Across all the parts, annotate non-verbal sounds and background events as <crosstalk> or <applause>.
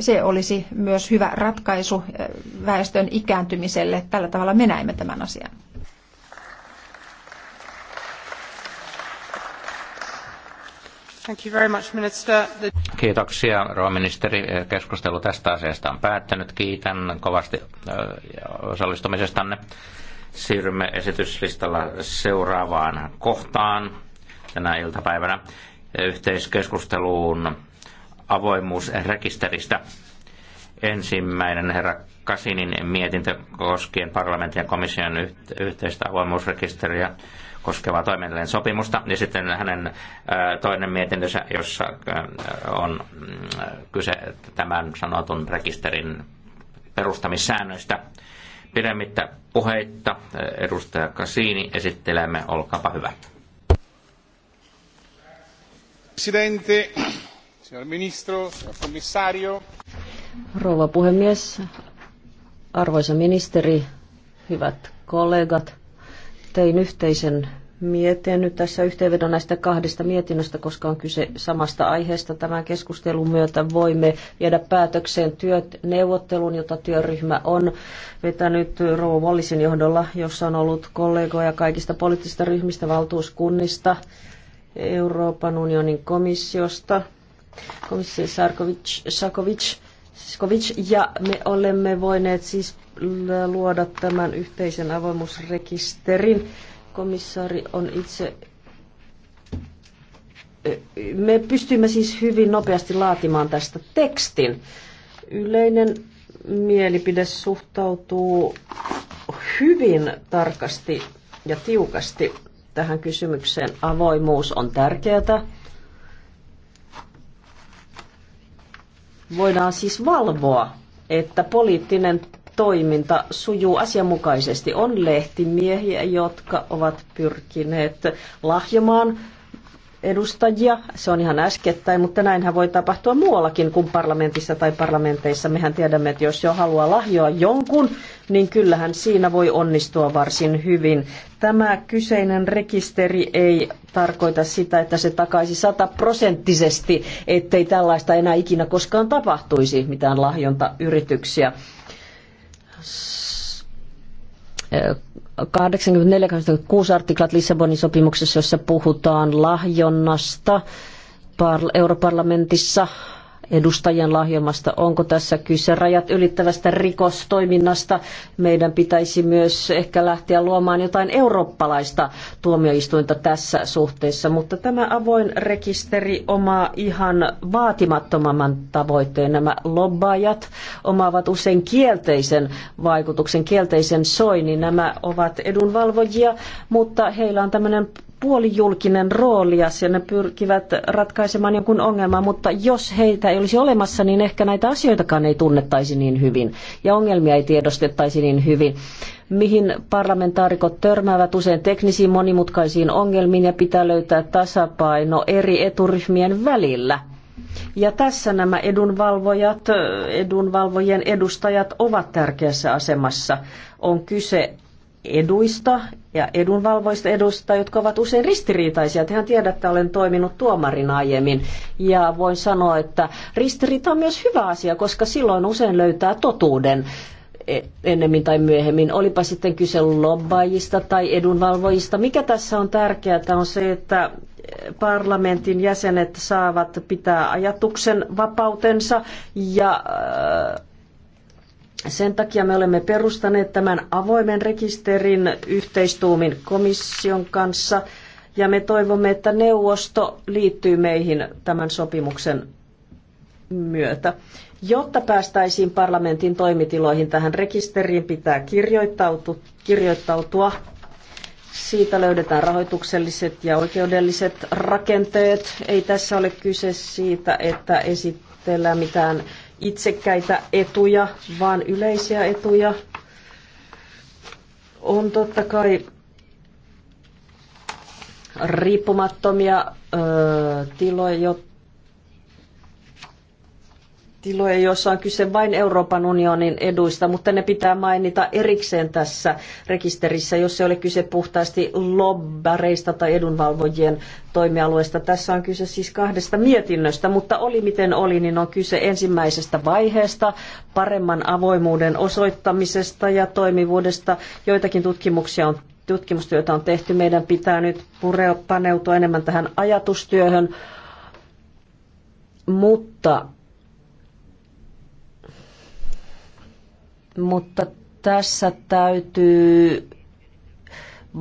se olisi myös hyvä ratkaisu eh, väestön ikääntymiselle. Tällä tavalla me näemme tämän asian. Thank you very much, minister. Kiitoksia, rouva ministeri. Keskustelu tästä asiasta on päättynyt. Kiitän kovasti eh, osallistumisestanne. Siirrymme esityslistalla seuraavaan kohtaan tänä iltapäivänä yhteiskeskusteluun avoimuusrekisteristä. Ensimmäinen herra Kasinin mietintö koskien parlamentin ja komission yhteistä avoimuusrekisteriä koskevaa toimintojen sopimusta, ja sitten hänen toinen mietintönsä, jossa on mm, kyse tämän sanotun rekisterin perustamissäännöistä. Pidemmittä puheitta edustaja Kasini esittelemme, olkaapa hyvä. Presidente, Signor Rouva puhemies, arvoisa ministeri, hyvät kollegat, tein yhteisen mietinnön nyt tässä yhteenvedon näistä kahdesta mietinnöstä, koska on kyse samasta aiheesta. Tämän keskustelun myötä voimme viedä päätökseen työt, neuvottelun, jota työryhmä on vetänyt Rouva Wallisin johdolla, jossa on ollut kollegoja kaikista poliittisista ryhmistä, valtuuskunnista, Euroopan unionin komissiosta, Komissio Sarkovic, Sarkovic, Sarkovic, ja me olemme voineet siis luoda tämän yhteisen avoimuusrekisterin. Komissaari on itse me pystymme siis hyvin nopeasti laatimaan tästä tekstin. Yleinen mielipide suhtautuu hyvin tarkasti ja tiukasti tähän kysymykseen. Avoimuus on tärkeää voidaan siis valvoa, että poliittinen toiminta sujuu asianmukaisesti. On lehtimiehiä, jotka ovat pyrkineet lahjomaan edustajia. Se on ihan äskettäin, mutta näinhän voi tapahtua muuallakin kuin parlamentissa tai parlamenteissa. Mehän tiedämme, että jos jo haluaa lahjoa jonkun, niin kyllähän siinä voi onnistua varsin hyvin. Tämä kyseinen rekisteri ei tarkoita sitä, että se takaisi sataprosenttisesti, ettei tällaista enää ikinä koskaan tapahtuisi, mitään lahjontayrityksiä 84-86 artiklat Lissabonin sopimuksessa, jossa puhutaan lahjonnasta europarlamentissa edustajien lahjomasta, Onko tässä kyse rajat ylittävästä rikostoiminnasta? Meidän pitäisi myös ehkä lähteä luomaan jotain eurooppalaista tuomioistuinta tässä suhteessa, mutta tämä avoin rekisteri omaa ihan vaatimattomamman tavoitteen. Nämä lobbaajat omaavat usein kielteisen vaikutuksen, kielteisen soinnin. Nämä ovat edunvalvojia, mutta heillä on tämmöinen puolijulkinen rooli ja ne pyrkivät ratkaisemaan jonkun ongelman, mutta jos heitä ei olisi olemassa, niin ehkä näitä asioitakaan ei tunnettaisi niin hyvin ja ongelmia ei tiedostettaisi niin hyvin. Mihin parlamentaarikot törmäävät usein teknisiin monimutkaisiin ongelmiin ja pitää löytää tasapaino eri eturyhmien välillä. Ja tässä nämä edunvalvojat, edunvalvojen edustajat ovat tärkeässä asemassa. On kyse eduista ja edunvalvoista edusta, jotka ovat usein ristiriitaisia. Tehän tiedätte, olen toiminut tuomarina aiemmin ja voin sanoa, että ristiriita on myös hyvä asia, koska silloin usein löytää totuuden e- ennemmin tai myöhemmin. Olipa sitten kyse lobbaajista tai edunvalvojista. Mikä tässä on tärkeää on se, että parlamentin jäsenet saavat pitää ajatuksen vapautensa ja sen takia me olemme perustaneet tämän avoimen rekisterin yhteistuumin komission kanssa ja me toivomme, että neuvosto liittyy meihin tämän sopimuksen myötä. Jotta päästäisiin parlamentin toimitiloihin tähän rekisteriin, pitää kirjoittautua, kirjoittautua siitä löydetään rahoitukselliset ja oikeudelliset rakenteet. Ei tässä ole kyse siitä, että esitellään mitään itsekkäitä etuja, vaan yleisiä etuja. On totta kai riippumattomia ö, tiloja, tiloja, joissa on kyse vain Euroopan unionin eduista, mutta ne pitää mainita erikseen tässä rekisterissä, jos ei ole kyse puhtaasti lobbareista tai edunvalvojien toimialueesta. Tässä on kyse siis kahdesta mietinnöstä, mutta oli miten oli, niin on kyse ensimmäisestä vaiheesta, paremman avoimuuden osoittamisesta ja toimivuudesta. Joitakin tutkimuksia on tutkimustyötä on tehty. Meidän pitää nyt paneutua enemmän tähän ajatustyöhön, mutta mutta tässä täytyy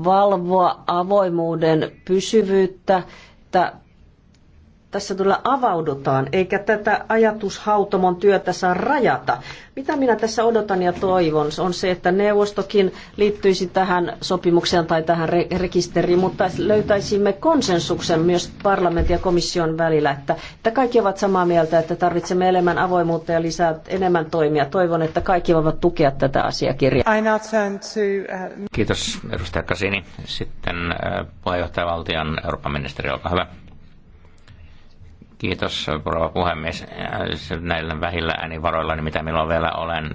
valvoa avoimuuden pysyvyyttä että tässä tulla avaudutaan, eikä tätä ajatushautomon työtä saa rajata. Mitä minä tässä odotan ja toivon, on se, että neuvostokin liittyisi tähän sopimukseen tai tähän re- rekisteriin, mutta löytäisimme konsensuksen myös parlamentin ja komission välillä, että, että kaikki ovat samaa mieltä, että tarvitsemme enemmän avoimuutta ja lisää enemmän toimia. Toivon, että kaikki voivat tukea tätä asiakirjaa. to, uh... Kiitos, edustaja Kasini. Sitten uh, puheenjohtajavaltion Euroopan ministeri, olkaa hyvä. Kiitos, rouva puhemies. Näillä vähillä äänivaroilla, niin mitä minulla vielä olen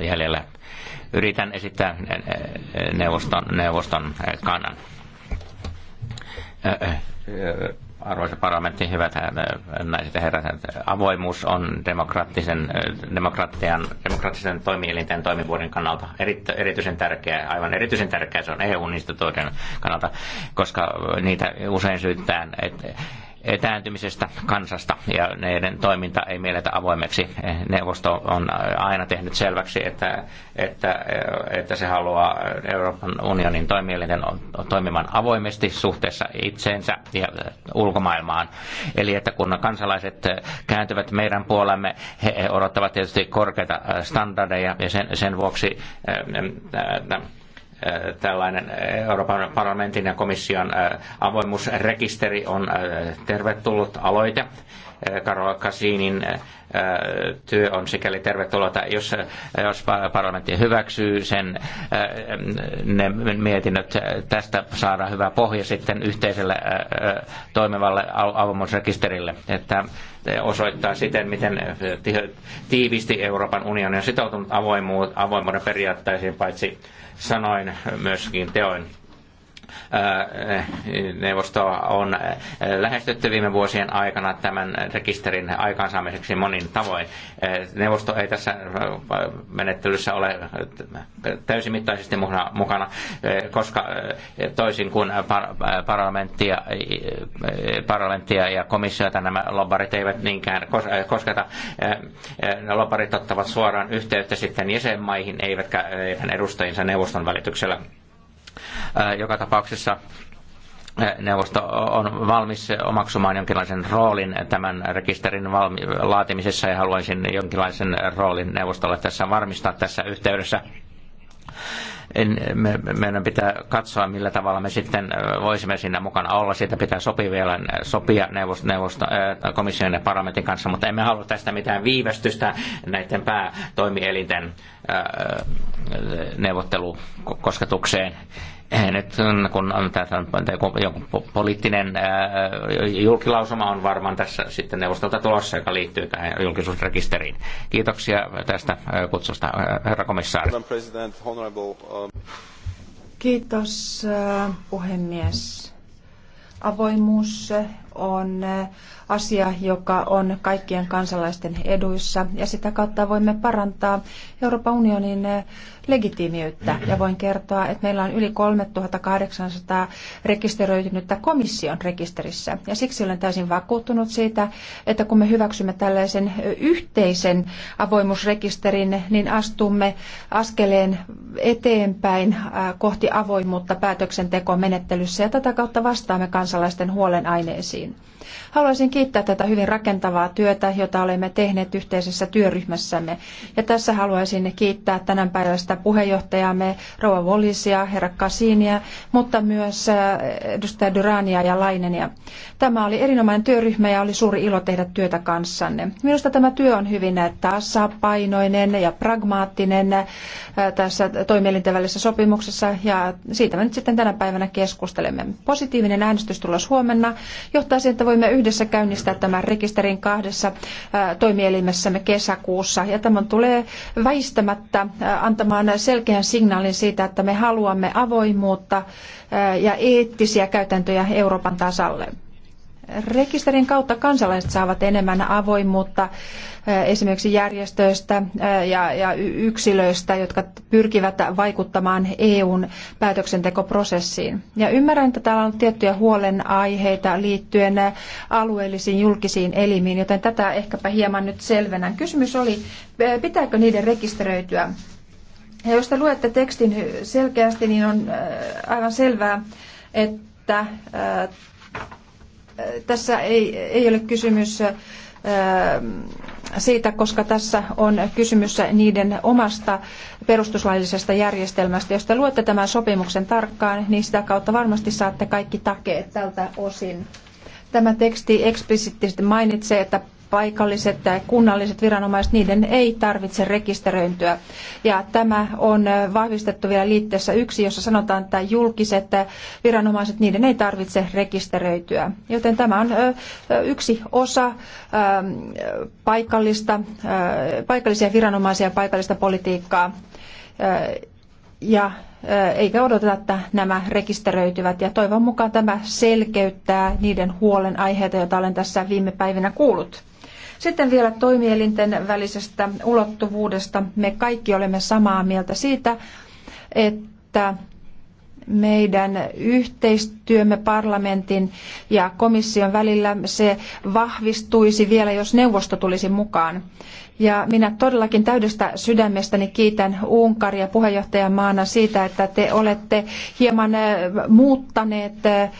jäljellä, yritän esittää neuvoston, neuvoston kannan. Arvoisa parlamentti, hyvät naiset ja herrat, avoimuus on demokraattisen, demokratian, demokraattisen toimielinten toimivuuden kannalta erityisen tärkeää, aivan erityisen tärkeää se on EU-instituutioiden kannalta, koska niitä usein syyttään, että etääntymisestä kansasta ja neiden toiminta ei mielletä avoimeksi. Neuvosto on aina tehnyt selväksi, että, että, että se haluaa Euroopan unionin toimielinten toimimaan avoimesti suhteessa itseensä ja ulkomaailmaan. Eli että kun kansalaiset kääntyvät meidän puolemme, he odottavat tietysti korkeita standardeja ja sen, sen vuoksi Äh, tällainen äh, Euroopan parlamentin ja komission äh, avoimuusrekisteri on tervetullut aloite. Karola Kasinin työ on sikäli tervetullut, jos, jos parlamentti hyväksyy sen, ne mietinnöt tästä saada hyvä pohja sitten yhteiselle toimivalle avoimuusrekisterille, että osoittaa siten, miten tiiviisti Euroopan unioni on sitoutunut avoimuuden periaatteisiin paitsi sanoin myöskin teoin neuvostoa on lähestytty viime vuosien aikana tämän rekisterin aikaansaamiseksi monin tavoin. Neuvosto ei tässä menettelyssä ole täysimittaisesti mukana, koska toisin kuin parlamenttia, parlamenttia ja komissiota nämä lobbarit eivät niinkään kosketa. Lobbarit ottavat suoraan yhteyttä sitten jäsenmaihin, eivätkä edustajinsa neuvoston välityksellä Äh, joka tapauksessa äh, neuvosto on valmis omaksumaan jonkinlaisen roolin tämän rekisterin valmi- laatimisessa ja haluaisin jonkinlaisen roolin neuvostolle tässä varmistaa tässä yhteydessä. En, me, meidän pitää katsoa, millä tavalla me sitten äh, voisimme siinä mukana olla. Siitä pitää sopia vielä sopia neuvosto, neuvosto, komission ja parlamentin kanssa, mutta emme halua tästä mitään viivästystä näiden päätoimielinten neuvottelukosketukseen nyt mm, kun joku poliittinen julkilausuma on varmaan tässä sitten neuvostolta tulossa, joka liittyy tähän julkisuusrekisteriin. Kiitoksia tästä kutsusta, herra komissaari. Um, Kiitos puhemies. Avoimuus on asia, joka on kaikkien kansalaisten eduissa ja sitä kautta voimme parantaa Euroopan unionin legitiimiyttä. Ja voin kertoa, että meillä on yli 3800 rekisteröitynyttä komission rekisterissä. Ja siksi olen täysin vakuuttunut siitä, että kun me hyväksymme tällaisen yhteisen avoimuusrekisterin, niin astumme askeleen eteenpäin kohti avoimuutta päätöksentekomenettelyssä ja tätä kautta vastaamme kansalaisten huolenaineisiin tarpeisiin. Haluaisin kiittää tätä hyvin rakentavaa työtä, jota olemme tehneet yhteisessä työryhmässämme. Ja tässä haluaisin kiittää tänä päivästä puheenjohtajamme Rouva Volisia, herra Kasinia, mutta myös äh, edustaja Durania ja Lainenia. Tämä oli erinomainen työryhmä ja oli suuri ilo tehdä työtä kanssanne. Minusta tämä työ on hyvin tasapainoinen ja pragmaattinen äh, tässä toimielinten välisessä sopimuksessa ja siitä me nyt sitten tänä päivänä keskustelemme. Positiivinen äänestystulos huomenna johtaa siihen, että voimme voimme yhdessä käynnistää tämän rekisterin kahdessa toimielimessämme kesäkuussa. Ja tämä tulee väistämättä antamaan selkeän signaalin siitä, että me haluamme avoimuutta ja eettisiä käytäntöjä Euroopan tasalle. Rekisterin kautta kansalaiset saavat enemmän avoimuutta eh, esimerkiksi järjestöistä eh, ja, yksilöistä, jotka pyrkivät vaikuttamaan EUn päätöksentekoprosessiin. Ja ymmärrän, että täällä on tiettyjä huolenaiheita liittyen eh, alueellisiin julkisiin elimiin, joten tätä ehkäpä hieman nyt selvennän. Kysymys oli, pitääkö niiden rekisteröityä? Ja jos te luette tekstin selkeästi, niin on aivan selvää, että tässä ei, ei ole kysymys siitä, koska tässä on kysymys niiden omasta perustuslaillisesta järjestelmästä. Jos te luette tämän sopimuksen tarkkaan, niin sitä kautta varmasti saatte kaikki takeet tältä osin. Tämä teksti eksplisiittisesti mainitsee, että paikalliset tai kunnalliset viranomaiset, niiden ei tarvitse rekisteröintyä. Ja tämä on äh, vahvistettu vielä liitteessä yksi, jossa sanotaan, että julkiset äh, viranomaiset, niiden ei tarvitse rekisteröityä. Joten tämä on äh, yksi osa ähm, paikallista, paikallisia viranomaisia ja paikallista politiikkaa. Ja eikä odoteta, että nämä rekisteröityvät. Ja toivon mukaan tämä selkeyttää niiden huolenaiheita, joita olen tässä viime päivinä kuullut. Sitten vielä toimielinten välisestä ulottuvuudesta. Me kaikki olemme samaa mieltä siitä, että meidän yhteistyömme parlamentin ja komission välillä se vahvistuisi vielä, jos neuvosto tulisi mukaan. Ja minä todellakin täydestä sydämestäni kiitän Unkaria maana siitä, että te olette hieman äh, muuttaneet äh,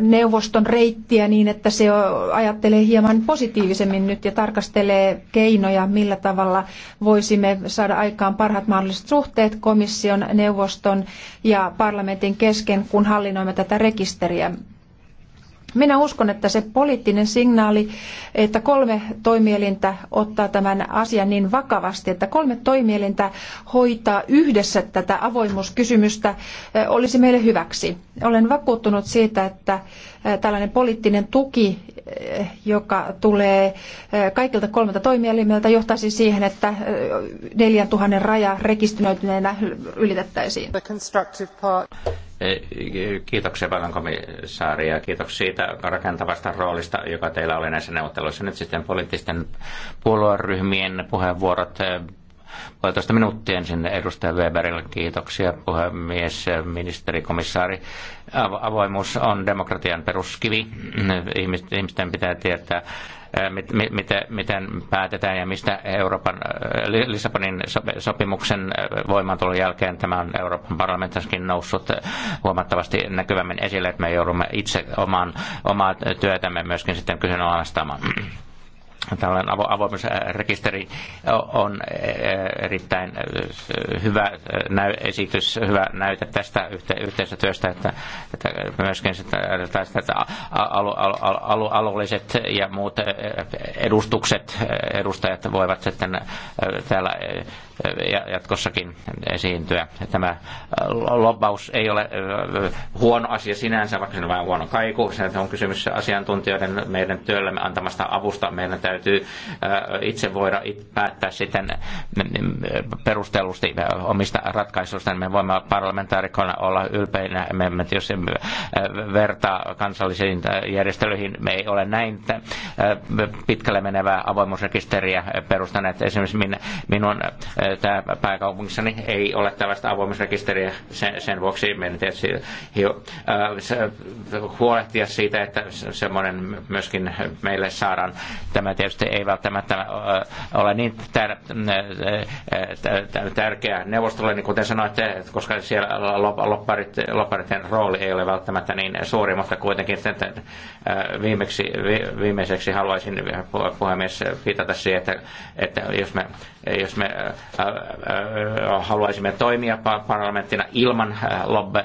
neuvoston reittiä niin, että se ajattelee hieman positiivisemmin nyt ja tarkastelee keinoja, millä tavalla voisimme saada aikaan parhaat mahdolliset suhteet komission, neuvoston ja parlamentin kesken, kun hallinnoimme tätä rekisteriä. Minä uskon, että se poliittinen signaali, että kolme toimielintä ottaa tämän asian niin vakavasti, että kolme toimielintä hoitaa yhdessä tätä avoimuuskysymystä, eh, olisi meille hyväksi. Olen vakuuttunut siitä, että eh, tällainen poliittinen tuki, eh, joka tulee kaikilta kolmelta toimielimeltä, johtaisi siihen, että 4000 raja rekisteröityneenä ylitettäisiin. Eh, kiitoksia paljon komissaari ja kiitoksia siitä rakentavasta roolista, joka teillä oli näissä neuvotteluissa. Nyt sitten poliittisten puolueryhmien puheenvuorot puolitoista minuuttia ensin edustaja Weberille. Kiitoksia puhemies, ministeri, komissaari. Avoimuus on demokratian peruskivi. Ihmisten pitää tietää Äh, miten, miten päätetään ja mistä Euroopan äh, Lissabonin sopimuksen äh, voimaantulon jälkeen tämä on Euroopan parlamentissakin noussut huomattavasti näkyvämmin esille, että me joudumme itse oman, omaa työtämme myöskin sitten kyseenalaistamaan tällainen avo- avoimuusrekisteri on e, e, erittäin e, hyvä esitys, hyvä näyte tästä yhte- yhteisötyöstä, että, että myöskin sitä, että alu- alu- alu- alueelliset ja muut edustukset, edustajat voivat sitten täällä jatkossakin esiintyä. Tämä lobbaus ei ole huono asia sinänsä, vaikka se on vähän huono kaiku. Se on kysymys asiantuntijoiden meidän työllämme antamasta avusta. Meidän täytyy itse voida päättää sitten perustellusti omista ratkaisuista. Me voimme parlamentaarikkoina olla ylpeinä, me emme, jos emme vertaa kansallisiin järjestelyihin. Me ei ole näin pitkälle menevää avoimuusrekisteriä perustaneet. Esimerkiksi minun tämä pääkaupungissa niin ei ole tällaista avoimuusrekisteriä. Sen, sen vuoksi meidän tietysti hio, äh, huolehtia siitä, että semmoinen myöskin meille saadaan. Tämä tietysti ei välttämättä äh, ole niin äh, tär, tärkeä neuvostolle, niin kuten sanoitte, koska siellä lopparit, loppariten rooli ei ole välttämättä niin suuri, mutta kuitenkin viimeksi, viimeiseksi haluaisin puhemies viitata siihen, että, että jos me, jos me Äh, äh, äh, haluaisimme toimia parlamenttina ilman lobbe,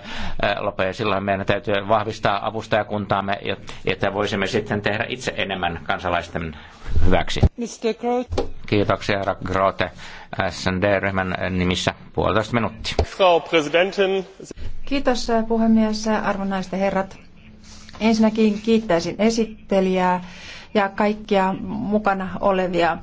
lobbeja. Silloin meidän täytyy vahvistaa avustajakuntaamme, että voisimme sitten tehdä itse enemmän kansalaisten hyväksi. Mr. Grote. Kiitoksia, herra Grote, SND-ryhmän nimissä puolitoista minuuttia. Frau Präsidentin. Kiitos puhemies, arvonaiset herrat. Ensinnäkin kiittäisin esittelijää ja kaikkia mukana olevia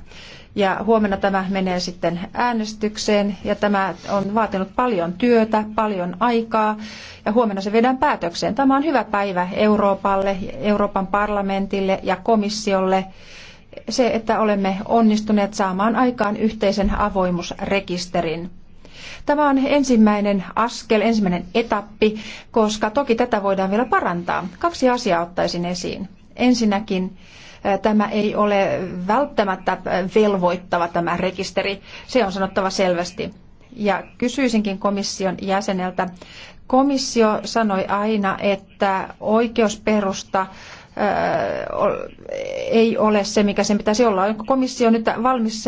ja huomenna tämä menee sitten äänestykseen ja tämä on vaatinut paljon työtä, paljon aikaa ja huomenna se viedään päätökseen. Tämä on hyvä päivä Euroopalle, Euroopan parlamentille ja komissiolle se, että olemme onnistuneet saamaan aikaan yhteisen avoimuusrekisterin. Tämä on ensimmäinen askel, ensimmäinen etappi, koska toki tätä voidaan vielä parantaa. Kaksi asiaa ottaisin esiin. Ensinnäkin Tämä ei ole välttämättä velvoittava tämä rekisteri, se on sanottava selvästi. Ja kysyisinkin komission jäseneltä, komissio sanoi aina, että oikeusperusta ei ole se, mikä sen pitäisi olla. Onko komissio nyt valmis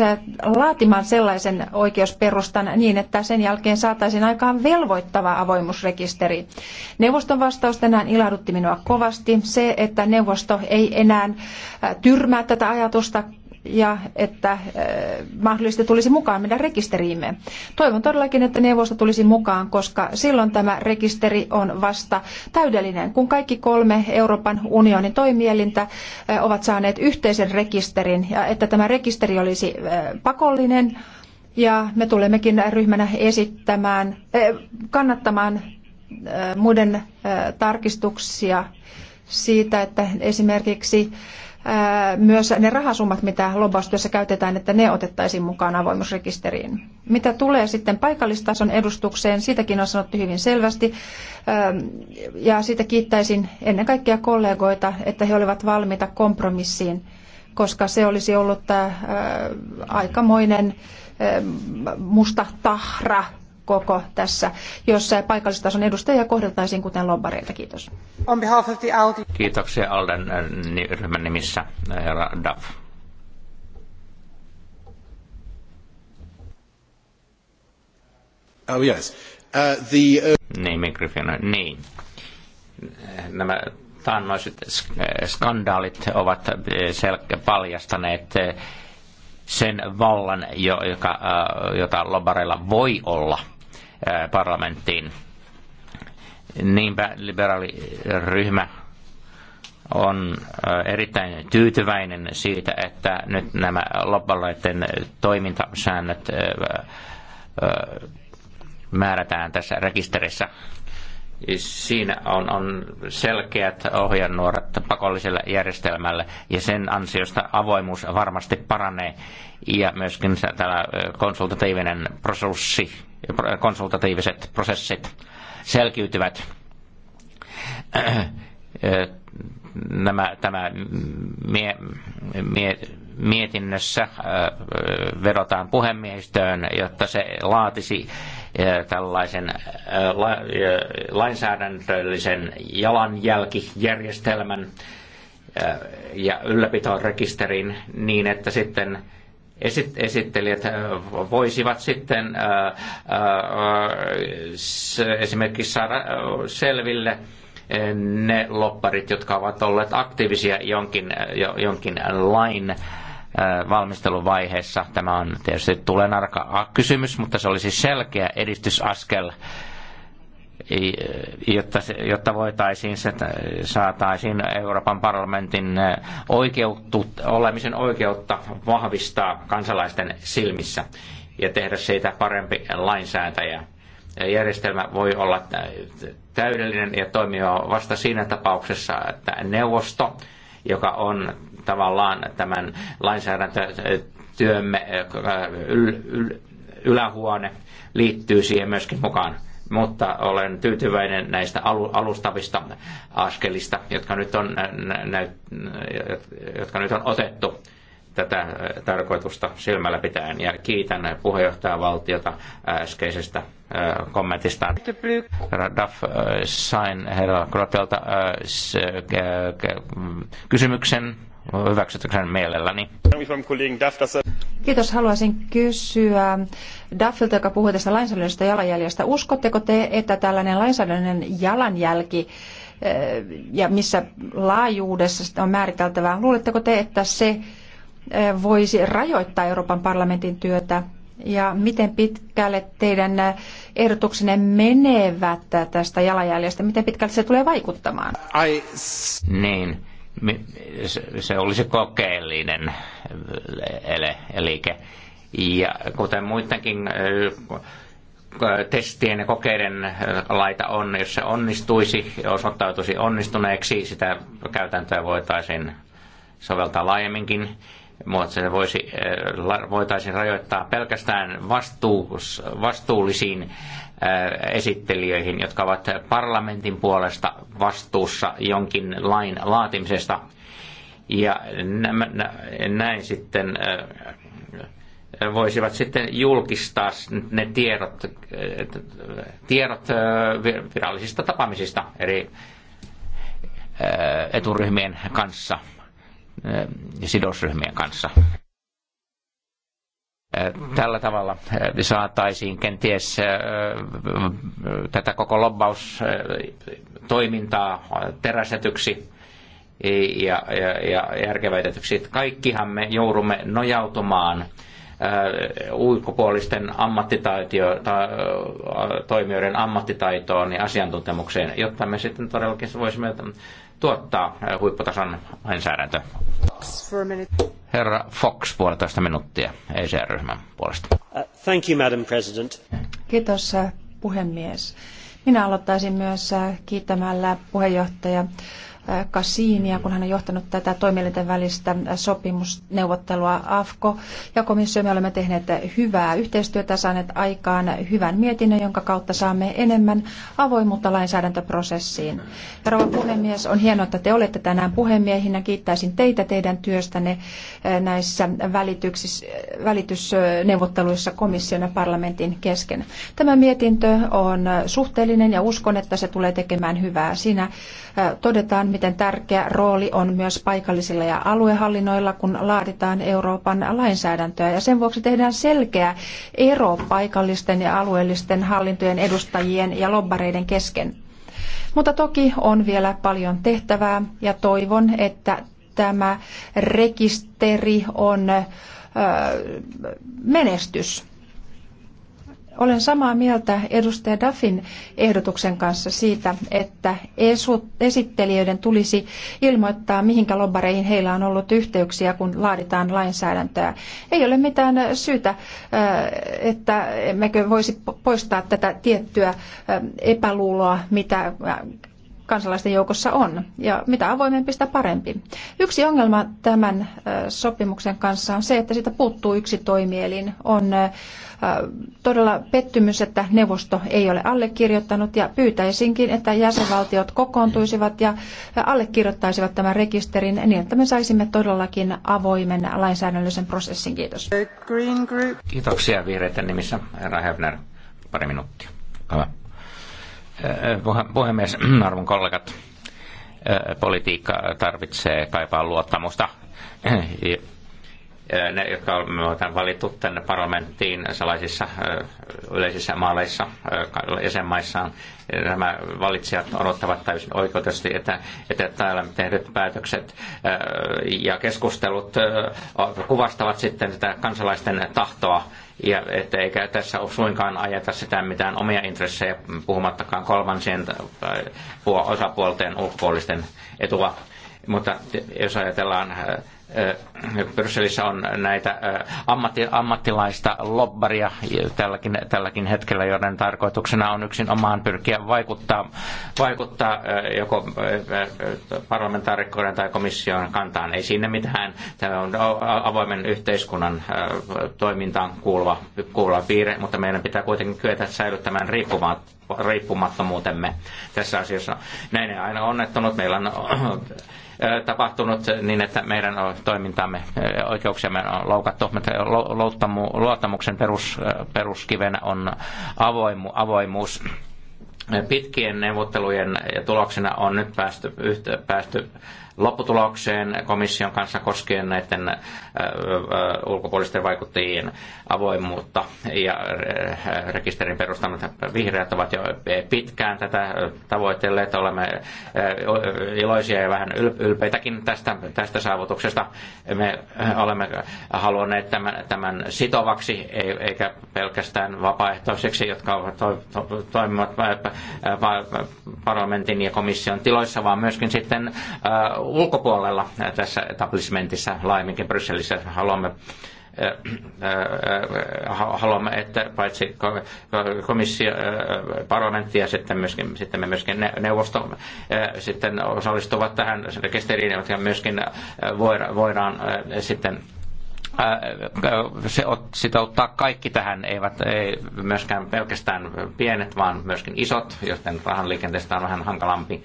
laatimaan sellaisen oikeusperustan niin, että sen jälkeen saataisiin aikaan velvoittava avoimuusrekisteri? Neuvoston vastaus tänään ilahdutti minua kovasti. Se, että neuvosto ei enää tyrmää tätä ajatusta ja että äh, mahdollisesti tulisi mukaan meidän rekisteriimme. Toivon todellakin, että neuvosto tulisi mukaan, koska silloin tämä rekisteri on vasta täydellinen, kun kaikki kolme Euroopan unionin toimielintä äh, ovat saaneet yhteisen rekisterin ja että tämä rekisteri olisi äh, pakollinen ja me tulemmekin ryhmänä esittämään, kannattamaan muiden tarkistuksia siitä, että esimerkiksi myös ne rahasummat, mitä lobbaustyössä käytetään, että ne otettaisiin mukaan avoimuusrekisteriin. Mitä tulee sitten paikallistason edustukseen, siitäkin on sanottu hyvin selvästi. Ja siitä kiittäisin ennen kaikkea kollegoita, että he olivat valmiita kompromissiin, koska se olisi ollut aikamoinen musta tahra koko tässä, jossa paikallistason edustajia kohdeltaisiin kuten lobbareita. Kiitos. On behalf of the Aldi. Kiitoksia Alden äh, ryhmän nimissä, äh, herra Duff. Oh yes. Uh, the, uh... Niin, mikrofoni. Niin. Nämä taannoiset äh, skandaalit ovat selkeä paljastaneet sen vallan, joka, jota lobbareilla voi olla – parlamenttiin. Niinpä liberaaliryhmä on erittäin tyytyväinen siitä, että nyt nämä lobbalaiden toimintasäännöt määrätään tässä rekisterissä siinä on, on selkeät ohjenuorat pakolliselle järjestelmälle ja sen ansiosta avoimuus varmasti paranee ja myöskin tällä konsultatiivinen prosessi, konsultatiiviset prosessit selkiytyvät. Nämä, tämä mie, mie, mietinnössä vedotaan puhemiehistöön, jotta se laatisi tällaisen äh, lainsäädännöllisen jalanjälkijärjestelmän äh, ja ylläpitorekisterin niin, että sitten esittelijät äh, voisivat sitten esimerkiksi saada selville ne lopparit, jotka ovat olleet aktiivisia jonkin, jonkin lain valmisteluvaiheessa. Tämä on tietysti tulenarka kysymys, mutta se olisi selkeä edistysaskel, jotta, jotta voitaisiin se, saataisiin Euroopan parlamentin oikeuttu, olemisen oikeutta vahvistaa kansalaisten silmissä ja tehdä siitä parempi lainsäätäjä. Järjestelmä voi olla täydellinen ja toimiva vasta siinä tapauksessa, että neuvosto, joka on tavallaan tämän lainsäädäntötyömme äh, ylähuone liittyy siihen myöskin mukaan mutta olen tyytyväinen näistä alustavista askelista, jotka nyt on, nä, jotka nyt on otettu tätä äh, tarkoitusta silmällä pitäen. Ja kiitän puheenjohtajavaltiota äskeisestä äh, kommentista. Herra Duff, sain herra Krotelta kysymyksen hyväksytyksen mielelläni. Kiitos. Haluaisin kysyä Daffilta, joka puhui tästä lainsäädännöstä jalanjäljestä. Uskotteko te, että tällainen lainsäädännön jalanjälki eh, ja missä laajuudessa on määriteltävää, luuletteko te, että se eh, voisi rajoittaa Euroopan parlamentin työtä ja miten pitkälle teidän eh, ehdotuksenne menevät tästä jalanjäljestä? Miten pitkälle se tulee vaikuttamaan? I... Niin se olisi kokeellinen eh, liike. Ja kuten muidenkin eh, testien ja kokeiden eh, laita on, jos se onnistuisi, osoittautuisi onnistuneeksi, sitä käytäntöä voitaisiin soveltaa laajemminkin se voisi, eh, voitaisiin rajoittaa pelkästään vastuus, vastuullisiin eh, esittelijöihin, jotka ovat parlamentin puolesta vastuussa jonkin lain laatimisesta. Ja näin sitten eh, voisivat sitten julkistaa ne tiedot, tiedot virallisista tapaamisista eri eturyhmien kanssa – sidosryhmien kanssa. Tällä tavalla saataisiin kenties tätä koko lobbaustoimintaa teräsetyksi ja, ja, ja järkevöitetyksi. Kaikkihan me joudumme nojautumaan ulkopuolisten ammattitaitoimijoiden ammattitaitoon ja asiantuntemukseen, jotta me sitten todellakin voisimme tuottaa huipputason lainsäädäntö. Herra Fox, puolitoista minuuttia ECR-ryhmän puolesta. Uh, thank you, Madam President. Kiitos, puhemies. Minä aloittaisin myös kiittämällä puheenjohtaja Äh, Kasiinia, kun hän on johtanut tätä toimielinten välistä sopimusneuvottelua AFKO. Ja komissio me olemme tehneet hyvää yhteistyötä, saaneet aikaan hyvän mietinnön, jonka kautta saamme enemmän avoimuutta lainsäädäntöprosessiin. Rouva puhemies, on hienoa, että te olette tänään puhemiehinä. Kiittäisin teitä teidän työstänne äh, näissä äh, välitysneuvotteluissa komission ja parlamentin kesken. Tämä mietintö on suhteellinen ja uskon, että se tulee tekemään hyvää. Siinä todetaan miten tärkeä rooli on myös paikallisilla ja aluehallinnoilla, kun laaditaan Euroopan lainsäädäntöä. Ja sen vuoksi tehdään selkeä ero paikallisten ja alueellisten hallintojen edustajien ja lobbareiden kesken. Mutta toki on vielä paljon tehtävää ja toivon, että tämä rekisteri on menestys. Olen samaa mieltä edustaja Duffin ehdotuksen kanssa siitä, että esittelijöiden tulisi ilmoittaa, mihinkä lobbareihin heillä on ollut yhteyksiä, kun laaditaan lainsäädäntöä. Ei ole mitään syytä, että mekö voisi poistaa tätä tiettyä epäluuloa, mitä kansalaisten joukossa on. Ja mitä avoimempi, sitä parempi. Yksi ongelma tämän sopimuksen kanssa on se, että siitä puuttuu yksi toimielin. On todella pettymys, että neuvosto ei ole allekirjoittanut ja pyytäisinkin, että jäsenvaltiot kokoontuisivat ja allekirjoittaisivat tämän rekisterin niin, että me saisimme todellakin avoimen lainsäädännöllisen prosessin. Kiitos. Kiitoksia vihreiden nimissä, herra Hefner. Pari minuuttia. Hyvä. Äh, puhemies, <clears throat> arvon kollegat, äh, politiikka tarvitsee kaipaa luottamusta. <clears throat> Äh, ne, jotka on valittu tänne parlamenttiin salaisissa yleisissä maaleissa jäsenmaissaan, nämä valitsijat odottavat täysin oikeutusti, että, että täällä tehdyt päätökset ja keskustelut kuvastavat sitten sitä kansalaisten tahtoa ja että eikä tässä ole suinkaan ajeta sitä mitään omia intressejä, puhumattakaan kolmansien äh, osapuolten ulkopuolisten etua mutta jos ajatellaan, äh, äh, Brysselissä on näitä äh, ammatti, ammattilaista lobbaria tälläkin, tälläkin hetkellä, joiden tarkoituksena on yksin omaan pyrkiä vaikuttaa, vaikuttaa joko parlamentaarikkoiden tai komission kantaan. Ei siinä mitään. Tämä on avoimen yhteiskunnan toimintaan kuuluva, kuuluva piirre, mutta meidän pitää kuitenkin kyetä säilyttämään riippumattomuutemme tässä asiassa. Näin ei aina onnettunut. Meillä on tapahtunut niin, että meidän toimintamme, oikeuksiamme on loukattu. Luottamuksen perus, peruskivenä on avoimu, avoimuus. Pitkien neuvottelujen tuloksena on nyt päästy, päästy lopputulokseen komission kanssa koskien näiden ulkopuolisten vaikuttajien avoimuutta ja rekisterin perustamista. Vihreät ovat jo pitkään tätä tavoitelleet. Olemme iloisia ja vähän ylpeitäkin tästä, tästä saavutuksesta. Me olemme halunneet tämän, tämän sitovaksi, eikä pelkästään vapaaehtoiseksi, jotka ovat to, to, toimivat parlamentin ja komission tiloissa, vaan myöskin sitten ulkopuolella tässä etablissementissä laajemminkin Brysselissä haluamme haluamme, että paitsi komissio, parlamentti ja sitten, myöskin, sitten me myöskin neuvosto sitten osallistuvat tähän rekisteriin, jotka myöskin voidaan sitten se sitouttaa kaikki tähän, eivät ei myöskään pelkästään pienet, vaan myöskin isot, joten rahan liikenteestä on vähän hankalampi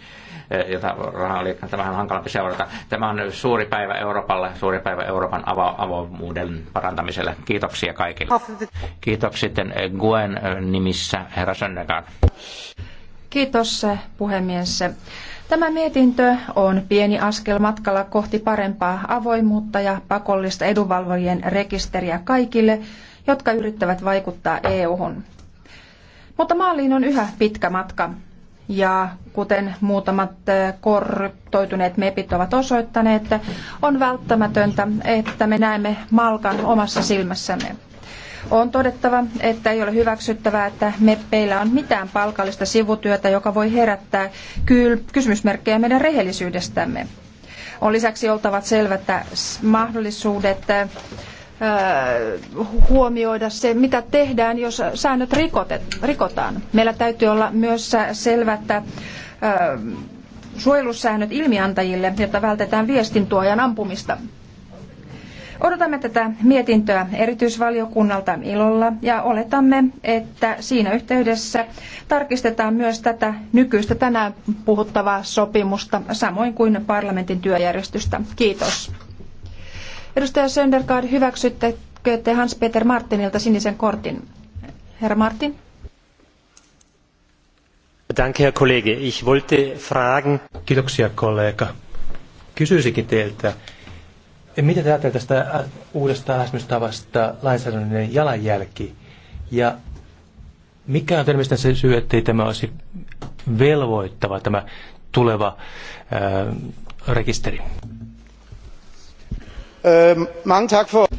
Eh, jota rahaa oli vähän hankalampi seurata. Tämä on suuri päivä Euroopalle, suuri päivä Euroopan avo- avoimuuden parantamiselle. Kiitoksia kaikille. Kiitoksia sitten eh, Guen eh, nimissä, herra Sönnekaan. Kiitos puhemies. Tämä mietintö on pieni askel matkalla kohti parempaa avoimuutta ja pakollista edunvalvojien rekisteriä kaikille, jotka yrittävät vaikuttaa EU-hun. Mutta maaliin on yhä pitkä matka ja kuten muutamat eh, korruptoituneet mepit ovat osoittaneet, on välttämätöntä, että me näemme malkan omassa silmässämme. On todettava, että ei ole hyväksyttävää, että meppeillä on mitään palkallista sivutyötä, joka voi herättää kysymysmerkkejä meidän rehellisyydestämme. On lisäksi oltava selvät mahdollisuudet eh, huomioida se, mitä tehdään, jos säännöt rikotaan. Meillä täytyy olla myös selvät suojelussäännöt ilmiantajille, jotta vältetään viestintuojan ampumista. Odotamme tätä mietintöä erityisvaliokunnalta ilolla ja oletamme, että siinä yhteydessä tarkistetaan myös tätä nykyistä tänään puhuttavaa sopimusta, samoin kuin parlamentin työjärjestystä. Kiitos. Edustaja Söndergaard, hyväksyttekö te Hans-Peter Martinilta sinisen kortin? Herra Martin. Danke, Herr Kollege. Ich wollte fragen... Kiitoksia, kollega. Kysyisikin teiltä, mitä te ajattelette tästä uudesta lähestymistavasta lainsäädännön jalanjälki? Ja mikä on teidän se syy, ettei tämä olisi velvoittava tämä tuleva rekisteri? Ähm,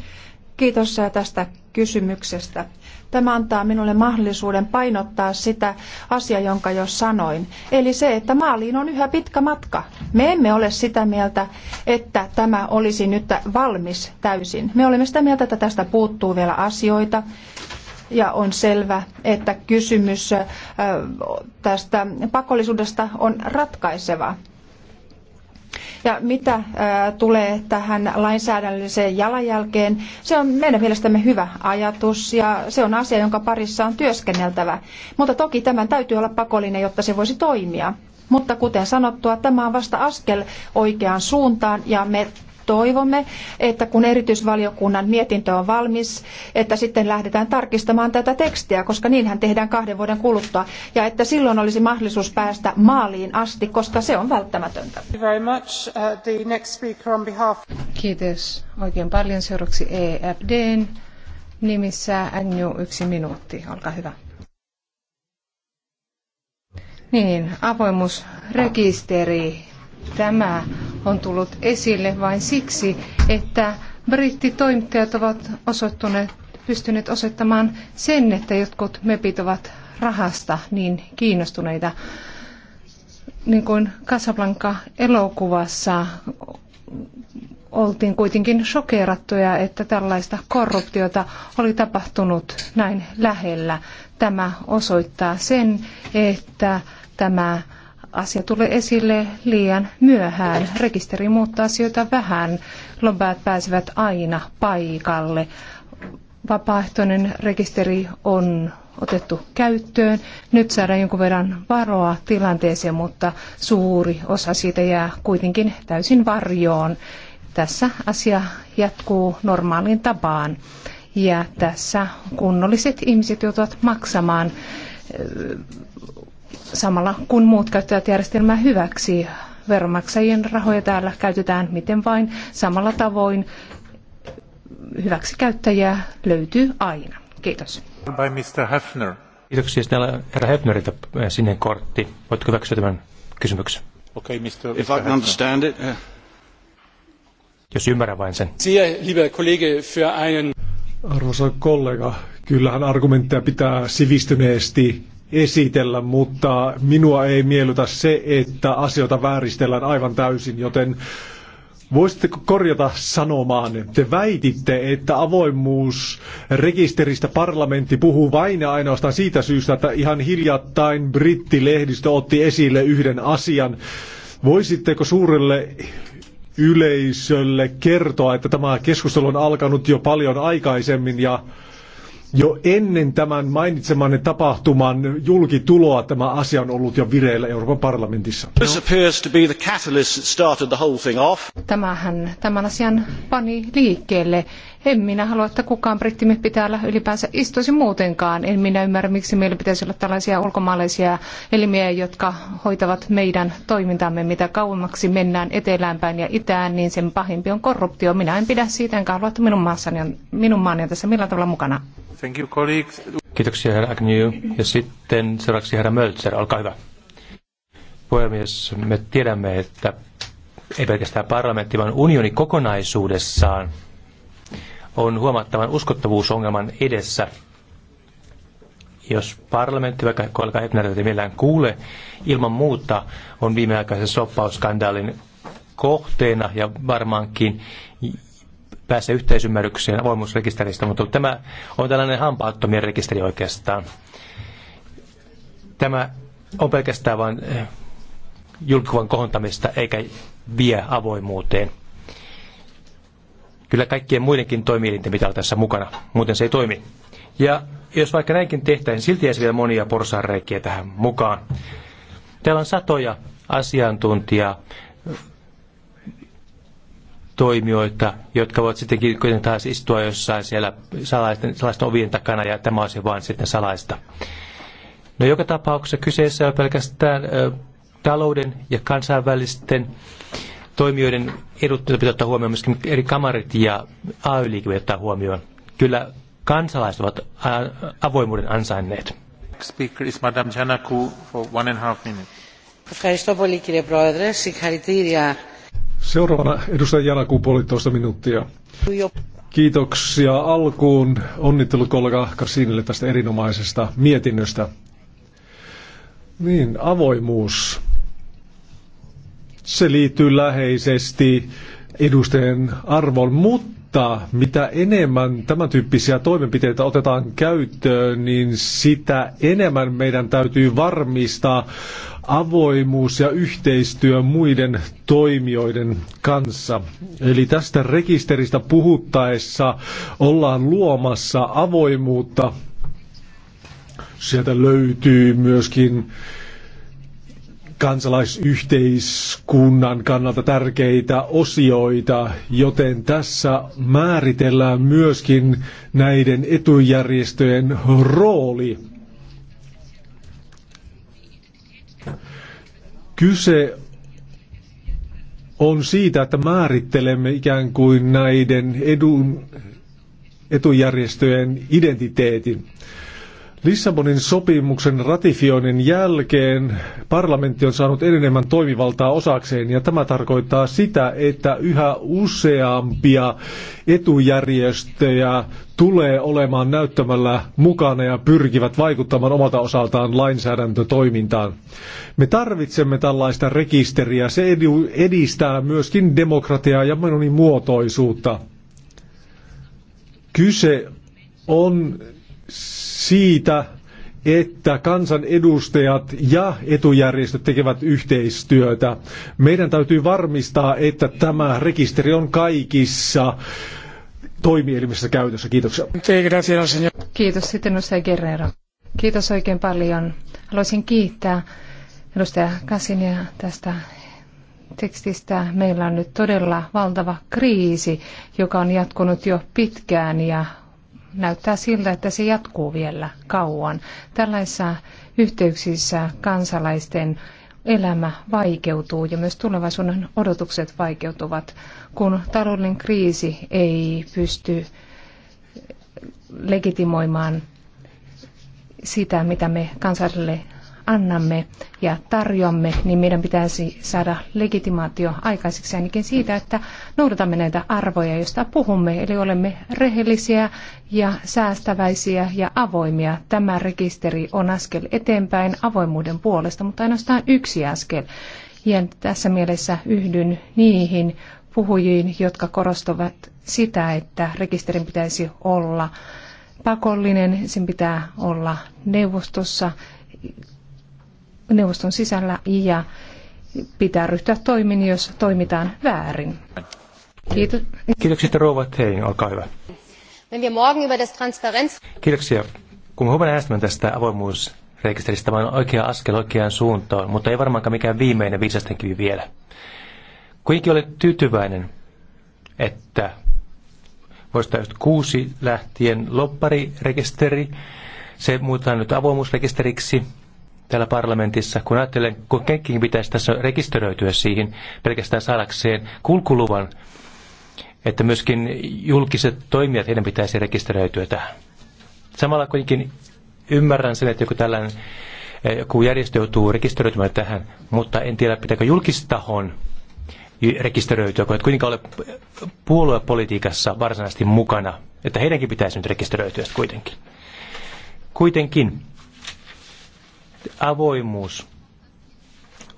Kiitos äh, tästä kysymyksestä. Tämä antaa minulle mahdollisuuden painottaa sitä asiaa, jonka jo sanoin. Eli se, että maaliin on yhä pitkä matka. Me emme ole sitä mieltä, että tämä olisi nyt valmis täysin. Me olemme sitä mieltä, että tästä puuttuu vielä asioita. Ja on selvä, että kysymys äh, tästä pakollisuudesta on ratkaiseva ja mitä äh, tulee tähän lainsäädännölliseen jalanjälkeen, se on meidän mielestämme hyvä ajatus ja se on asia, jonka parissa on työskenneltävä. Mutta toki tämän täytyy olla pakollinen, jotta se voisi toimia. Mutta kuten sanottua, tämä on vasta askel oikeaan suuntaan ja me toivomme, että kun erityisvaliokunnan mietintö on valmis, että sitten lähdetään tarkistamaan tätä tekstiä, koska niinhän tehdään kahden vuoden kuluttua, ja että silloin olisi mahdollisuus päästä maaliin asti, koska se on välttämätöntä. Kiitos oikein paljon. Seuraavaksi EFDn nimissä Agnew yksi minuutti. Olkaa hyvä. Niin, avoimuusrekisteri tämä on tullut esille vain siksi, että brittitoimittajat ovat osoittuneet, pystyneet osoittamaan sen, että jotkut mepit ovat rahasta niin kiinnostuneita. Niin kuin Casablanca-elokuvassa oltiin kuitenkin shokeerattuja, että tällaista korruptiota oli tapahtunut näin lähellä. Tämä osoittaa sen, että tämä asia tulee esille liian myöhään. Rekisteri muuttaa asioita vähän. Lobbaat pääsevät aina paikalle. Vapaaehtoinen rekisteri on otettu käyttöön. Nyt saadaan jonkun verran varoa tilanteeseen, mutta suuri osa siitä jää kuitenkin täysin varjoon. Tässä asia jatkuu normaalin tapaan. Ja tässä kunnolliset ihmiset joutuvat maksamaan samalla kun muut käyttävät järjestelmää hyväksi. Veronmaksajien rahoja täällä käytetään miten vain samalla tavoin. Hyväksikäyttäjiä löytyy aina. Kiitos. By Mr. Hefner. Kiitoksia. Sitten herra Hefneriltä eh, sinne kortti. Voitko hyväksyä tämän kysymyksen? Okay, Mr. If I can understand it. Eh. Jos ymmärrän vain sen. Sie, lieber Kollege, für einen... Arvoisa kollega, kyllähän argumentteja pitää sivistyneesti esitellä, mutta minua ei miellytä se, että asioita vääristellään aivan täysin, joten Voisitteko korjata sanomaan, te väititte, että avoimuusrekisteristä parlamentti puhuu vain ja ainoastaan siitä syystä, että ihan hiljattain brittilehdistö otti esille yhden asian. Voisitteko suurelle yleisölle kertoa, että tämä keskustelu on alkanut jo paljon aikaisemmin ja jo ennen tämän mainitsemanne tapahtuman julkituloa tämä asia on ollut jo vireillä Euroopan parlamentissa. Tämähän tämän asian pani liikkeelle en minä halua, että kukaan brittimeppi täällä ylipäänsä istuisi muutenkaan. En minä ymmärrä, miksi meillä pitäisi olla tällaisia ulkomaalaisia elimiä, jotka hoitavat meidän toimintamme. Mitä kauemmaksi mennään eteläänpäin ja itään, niin sen pahimpi on korruptio. Minä en pidä siitä, enkä halua, että minun, maassani on, minun maani on tässä millään tavalla mukana. Thank you, colleagues. Kiitoksia, herra Agnew. Ja sitten seuraavaksi herra Möltser, olkaa hyvä. Puhemies, me tiedämme, että ei pelkästään parlamentti, vaan unioni kokonaisuudessaan on huomattavan uskottavuusongelman edessä. Jos parlamentti, vaikka kollega Hepner ei millään kuule, ilman muuta on viimeaikaisen soppausskandaalin kohteena ja varmaankin pääsee yhteisymmärrykseen avoimuusrekisteristä, mutta tämä on tällainen hampaattomien rekisteri oikeastaan. Tämä on pelkästään vain eh, julkikuvan kohontamista eikä vie avoimuuteen kyllä kaikkien muidenkin toimielinten pitää olla tässä mukana, muuten se ei toimi. Ja jos vaikka näinkin tehtäisiin, silti jäisi vielä monia porsaanreikkiä tähän mukaan. Täällä on satoja asiantuntija toimijoita, jotka voivat sittenkin kuitenkin taas istua jossain siellä salaisten, salaisten ovien takana ja tämä olisi vain sitten salaista. No joka tapauksessa kyseessä on pelkästään ö, talouden ja kansainvälisten toimijoiden edut pitää ottaa huomioon myöskin eri kamarit ja ay ottaa huomioon. Kyllä kansalaiset ovat avoimuuden ansainneet. Speaker is Madame Janaku for one and a half minute. Ευχαριστώ πολύ κύριε Πρόεδρε. Συγχαρητήρια. Seuraavana edustaja Janaku puolitoista minuuttia. Kiitoksia alkuun. Onnittelut kollega Karsinille tästä erinomaisesta mietinnöstä. Niin, avoimuus se liittyy läheisesti edustajien arvon, mutta mitä enemmän tämän tyyppisiä toimenpiteitä otetaan käyttöön, niin sitä enemmän meidän täytyy varmistaa avoimuus ja yhteistyö muiden toimijoiden kanssa. Eli tästä rekisteristä puhuttaessa ollaan luomassa avoimuutta. Sieltä löytyy myöskin kansalaisyhteiskunnan kannalta tärkeitä osioita, joten tässä määritellään myöskin näiden etujärjestöjen rooli. Kyse on siitä, että määrittelemme ikään kuin näiden edun, etujärjestöjen identiteetin. Lissabonin sopimuksen ratifioinnin jälkeen parlamentti on saanut enemmän toimivaltaa osakseen ja tämä tarkoittaa sitä, että yhä useampia etujärjestöjä tulee olemaan näyttämällä mukana ja pyrkivät vaikuttamaan omalta osaltaan lainsäädäntötoimintaan. Me tarvitsemme tällaista rekisteriä. Se edistää myöskin demokratiaa ja monimuotoisuutta. Kyse on siitä, että kansanedustajat ja etujärjestöt tekevät yhteistyötä. Meidän täytyy varmistaa, että tämä rekisteri on kaikissa toimielimissä käytössä. Kiitoksia. Kiitos sitten se Guerrero. Kiitos oikein paljon. Haluaisin kiittää edustaja Kasinia tästä tekstistä. Meillä on nyt todella valtava kriisi, joka on jatkunut jo pitkään ja näyttää siltä, että se jatkuu vielä kauan. Tällaisissa yhteyksissä kansalaisten elämä vaikeutuu ja myös tulevaisuuden odotukset vaikeutuvat, kun taloudellinen kriisi ei pysty legitimoimaan sitä, mitä me kansalaisille annamme ja tarjoamme, niin meidän pitäisi saada legitimaatio aikaiseksi ainakin siitä, että noudatamme näitä arvoja, joista puhumme. Eli olemme rehellisiä ja säästäväisiä ja avoimia. Tämä rekisteri on askel eteenpäin avoimuuden puolesta, mutta ainoastaan yksi askel. Ja tässä mielessä yhdyn niihin puhujiin, jotka korostavat sitä, että rekisterin pitäisi olla pakollinen, sen pitää olla neuvostossa neuvoston sisällä ja pitää ryhtyä toimiin, jos toimitaan väärin. Kiitos. Kiitoksia, rouva Tein, olkaa hyvä. Kiitoksia. Kun me huomenna äänestämme tästä avoimuusrekisteristä, tämä on oikea askel oikeaan suuntaan, mutta ei varmaankaan mikään viimeinen viisasten kivi vielä. Kuitenkin olen tyytyväinen, että vuodesta kuusi lähtien lopparirekisteri, se muutetaan nyt avoimuusrekisteriksi täällä parlamentissa, kun ajattelen, kun kenkin pitäisi tässä rekisteröityä siihen pelkästään saadakseen kulkuluvan, että myöskin julkiset toimijat, heidän pitäisi rekisteröityä tähän. Samalla kuitenkin ymmärrän sen, että joku tällainen eh, joku järjestö joutuu rekisteröitymään tähän, mutta en tiedä, pitääkö julkistahon rekisteröityä, kun et kuitenkaan ole puoluepolitiikassa varsinaisesti mukana, että heidänkin pitäisi nyt rekisteröityä kuitenkin. Kuitenkin avoimuus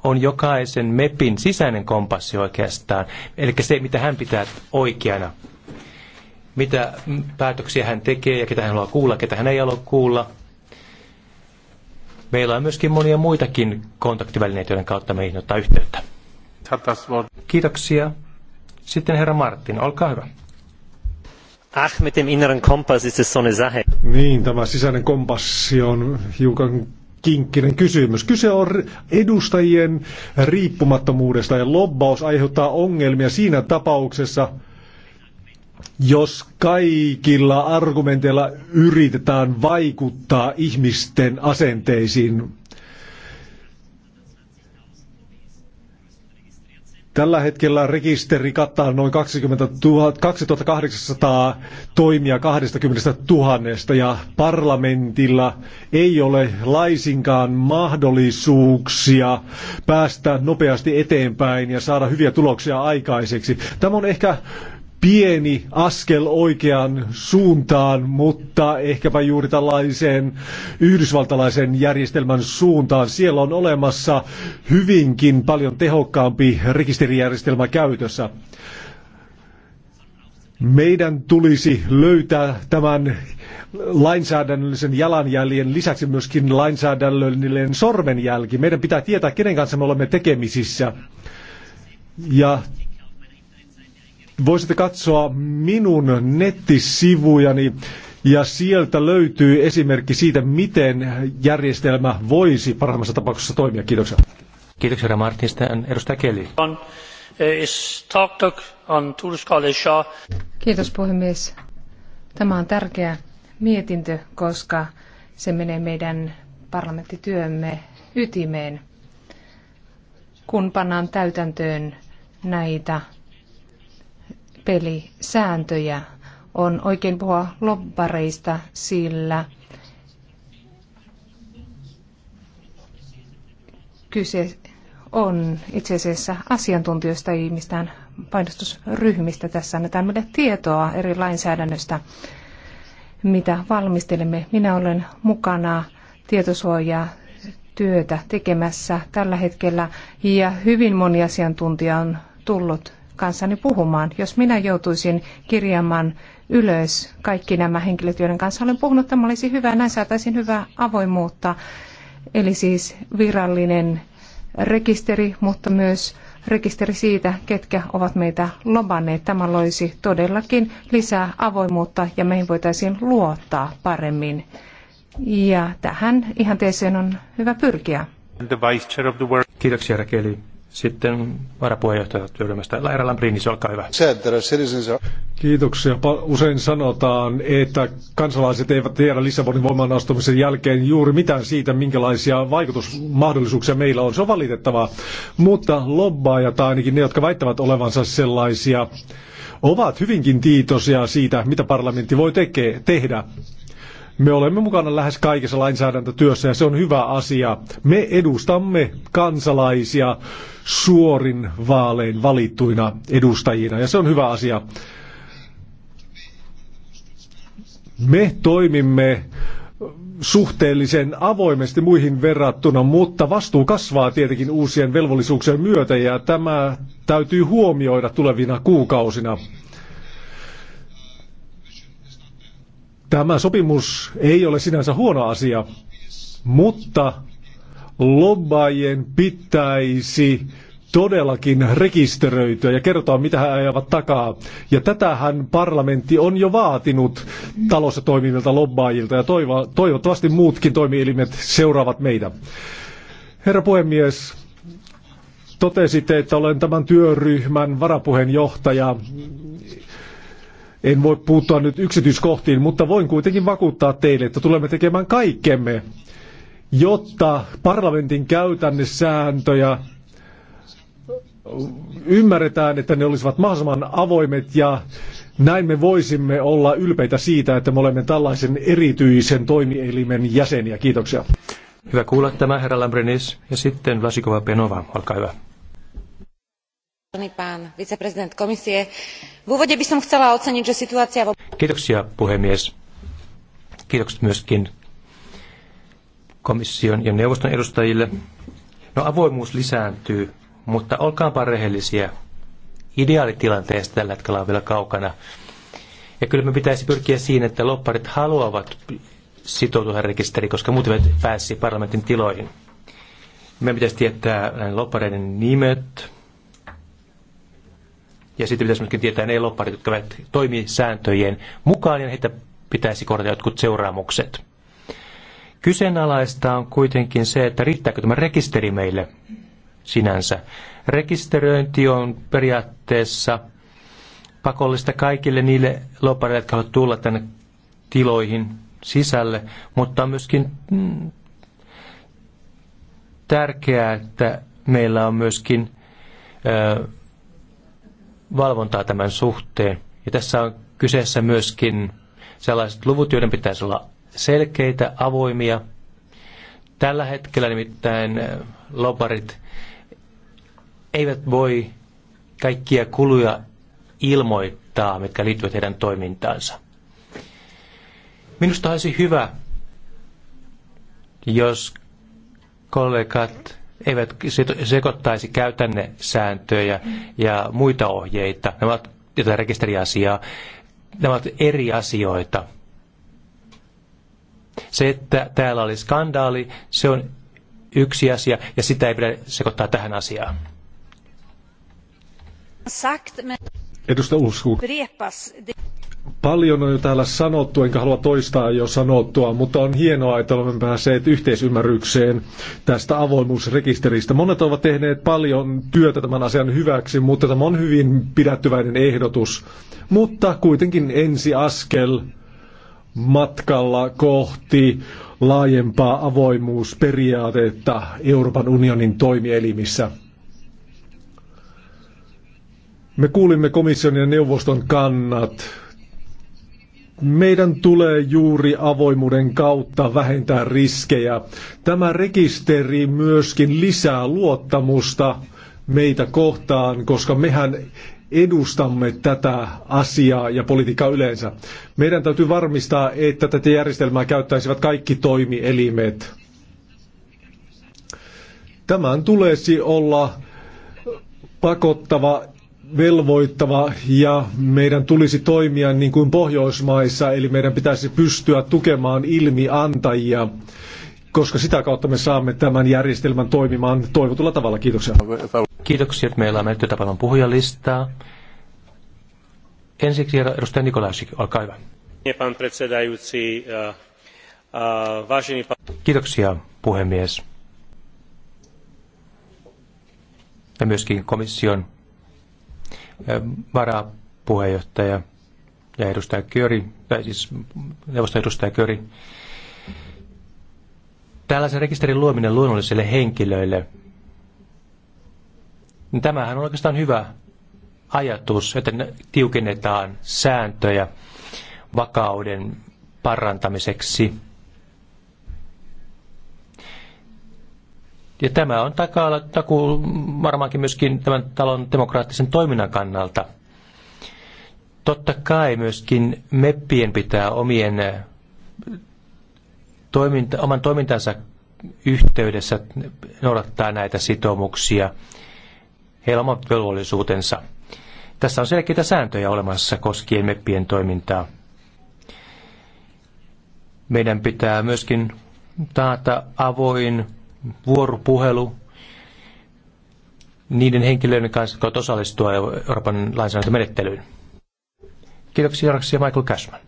on jokaisen MEPin sisäinen kompassi oikeastaan, eli se, mitä hän pitää oikeana, mitä päätöksiä hän tekee ja ketä hän haluaa kuulla, ketä hän ei halua kuulla. Meillä on myöskin monia muitakin kontaktivälineitä, joiden kautta meihin ottaa yhteyttä. Kiitoksia. Sitten herra Martin, olkaa hyvä. Ach, mit dem inneren Kompass ist es so eine Sache. Niin, tämä sisäinen kompassi on hiukan kinkkinen kysymys. Kyse on edustajien riippumattomuudesta ja lobbaus aiheuttaa ongelmia siinä tapauksessa, jos kaikilla argumenteilla yritetään vaikuttaa ihmisten asenteisiin Tällä hetkellä rekisteri kattaa noin 20 000, 2800 toimia 20 000 ja parlamentilla ei ole laisinkaan mahdollisuuksia päästä nopeasti eteenpäin ja saada hyviä tuloksia aikaiseksi. Tämä on ehkä pieni askel oikeaan suuntaan, mutta ehkäpä juuri tällaiseen yhdysvaltalaisen järjestelmän suuntaan. Siellä on olemassa hyvinkin paljon tehokkaampi rekisterijärjestelmä käytössä. Meidän tulisi löytää tämän lainsäädännöllisen jalanjäljen lisäksi myöskin lainsäädännöllinen sormenjälki. Meidän pitää tietää, kenen kanssa me olemme tekemisissä. Ja voisitte katsoa minun nettisivujani ja sieltä löytyy esimerkki siitä, miten järjestelmä voisi parhaimmassa tapauksessa toimia. Kiitoksia. Kiitoksia, herra Martista. Edustaja Kelly. Kiitos puhemies. Tämä on tärkeä mietintö, koska se menee meidän parlamenttityömme ytimeen, kun pannaan täytäntöön näitä pelisääntöjä. On oikein puhua lobbareista, sillä kyse on itse asiassa asiantuntijoista, ei mistään painostusryhmistä. Tässä annetaan meille tietoa eri lainsäädännöstä, mitä valmistelemme. Minä olen mukana tietosuojaa työtä tekemässä tällä hetkellä ja hyvin moni asiantuntija on tullut kanssani puhumaan. Jos minä joutuisin kirjaamaan ylös kaikki nämä henkilöt, joiden kanssa olen puhunut, tämä olisi hyvä. Näin saataisiin hyvää avoimuutta, eli siis virallinen rekisteri, mutta myös rekisteri siitä, ketkä ovat meitä lobanneet. Tämä loisi todellakin lisää avoimuutta ja meihin voitaisiin luottaa paremmin. Ja tähän ihanteeseen on hyvä pyrkiä. Kiitoksia Rakeli. Sitten varapuheenjohtaja työryhmästä Laira se olkaa hyvä. Kiitoksia. Usein sanotaan, että kansalaiset eivät tiedä Lissabonin voimaan astumisen jälkeen juuri mitään siitä, minkälaisia vaikutusmahdollisuuksia meillä on. Se on valitettavaa, mutta lobbaajat ainakin ne, jotka väittävät olevansa sellaisia, ovat hyvinkin tietoisia siitä, mitä parlamentti voi tekee, tehdä. Me olemme mukana lähes kaikessa lainsäädäntötyössä ja se on hyvä asia. Me edustamme kansalaisia suorin vaalein valittuina edustajina ja se on hyvä asia. Me toimimme suhteellisen avoimesti muihin verrattuna, mutta vastuu kasvaa tietenkin uusien velvollisuuksien myötä ja tämä täytyy huomioida tulevina kuukausina. Tämä sopimus ei ole sinänsä huono asia, mutta lobbaajien pitäisi todellakin rekisteröityä ja kertoa, mitä he ajavat takaa. Ja tätähän parlamentti on jo vaatinut talossa toimivilta lobbaajilta ja toivo, toivottavasti muutkin toimielimet seuraavat meitä. Herra puhemies, totesitte, että olen tämän työryhmän varapuheenjohtaja en voi puuttua nyt yksityiskohtiin, mutta voin kuitenkin vakuuttaa teille, että tulemme tekemään kaikkemme, jotta parlamentin käytännesääntöjä ymmärretään, että ne olisivat mahdollisimman avoimet ja näin me voisimme olla ylpeitä siitä, että me olemme tällaisen erityisen toimielimen jäseniä. Kiitoksia. Hyvä kuulla tämä, herra Lambrinis. Ja sitten Vlasikova Penova, olkaa hyvä pán v úvode by som chcela oceniť že situácia kiitoksia puhemies kiitokset myöskin komission ja neuvoston edustajille. No avoimuus lisääntyy, mutta olkaanpa rehellisiä. Ideaalitilanteesta tällä hetkellä on vielä kaukana. Ja kyllä me pitäisi pyrkiä siihen, että lopparit haluavat sitoutua rekisteriin, koska muuten pääsisi parlamentin tiloihin. Meidän pitäisi tietää loppareiden nimet, ja sitten pitäisi myöskin tietää ne lopparit, jotka toimii sääntöjen mukaan, ja heitä pitäisi korjata jotkut seuraamukset. Kyseenalaista on kuitenkin se, että riittääkö tämä rekisteri meille sinänsä. Rekisteröinti on periaatteessa pakollista kaikille niille lopareille, jotka haluavat tulla tänne tiloihin sisälle, mutta on myöskin mm, tärkeää, että meillä on myöskin ö, valvontaa tämän suhteen. Ja tässä on kyseessä myöskin sellaiset luvut, joiden pitäisi olla selkeitä, avoimia. Tällä hetkellä nimittäin äh, lobarit eivät voi kaikkia kuluja ilmoittaa, mitkä liittyvät heidän toimintaansa. Minusta olisi hyvä, jos kollegat eivät sekoittaisi käytänne sääntöjä ja muita ohjeita, nämä ovat jotain rekisteriasiaa, nämä ovat eri asioita. Se, että täällä oli skandaali, se on yksi asia ja sitä ei pidä sekoittaa tähän asiaan. Edustaja Ulskuk. Paljon on jo täällä sanottu, enkä halua toistaa jo sanottua, mutta on hienoa, että olemme päässeet yhteisymmärrykseen tästä avoimuusrekisteristä. Monet ovat tehneet paljon työtä tämän asian hyväksi, mutta tämä on hyvin pidättyväinen ehdotus. Mutta kuitenkin ensiaskel matkalla kohti laajempaa avoimuusperiaatetta Euroopan unionin toimielimissä. Me kuulimme komission ja neuvoston kannat meidän tulee juuri avoimuuden kautta vähentää riskejä. Tämä rekisteri myöskin lisää luottamusta meitä kohtaan, koska mehän edustamme tätä asiaa ja politiikkaa yleensä. Meidän täytyy varmistaa, että tätä järjestelmää käyttäisivät kaikki toimielimet. Tämän tulisi olla pakottava velvoittava ja meidän tulisi toimia niin kuin Pohjoismaissa, eli meidän pitäisi pystyä tukemaan ilmiantajia, koska sitä kautta me saamme tämän järjestelmän toimimaan toivotulla tavalla. Kiitoksia. Kiitoksia, että meillä on mennyt tapaamaan puhujalistaa. Ensiksi edustaja Nikolaisik, olkaa hyvä. Kiitoksia, puhemies. Ja myöskin komission varapuheenjohtaja ja edustaja Köri, tai siis neuvoston edustaja Köri. Tällaisen rekisterin luominen luonnollisille henkilöille, niin tämähän on oikeastaan hyvä ajatus, että tiukennetaan sääntöjä vakauden parantamiseksi Ja tämä on takaa, taku varmaankin myöskin tämän talon demokraattisen toiminnan kannalta. Totta kai myöskin meppien pitää omien eh, toiminta, oman toimintansa yhteydessä noudattaa näitä sitoumuksia. Heillä on omat velvollisuutensa. Tässä on selkeitä sääntöjä olemassa koskien meppien toimintaa. Meidän pitää myöskin taata avoin vuoropuhelu niiden henkilöiden kanssa, jotka osallistua Euroopan lainsäädäntömenettelyyn. Kiitoksia Jorksi ja Michael Cashman.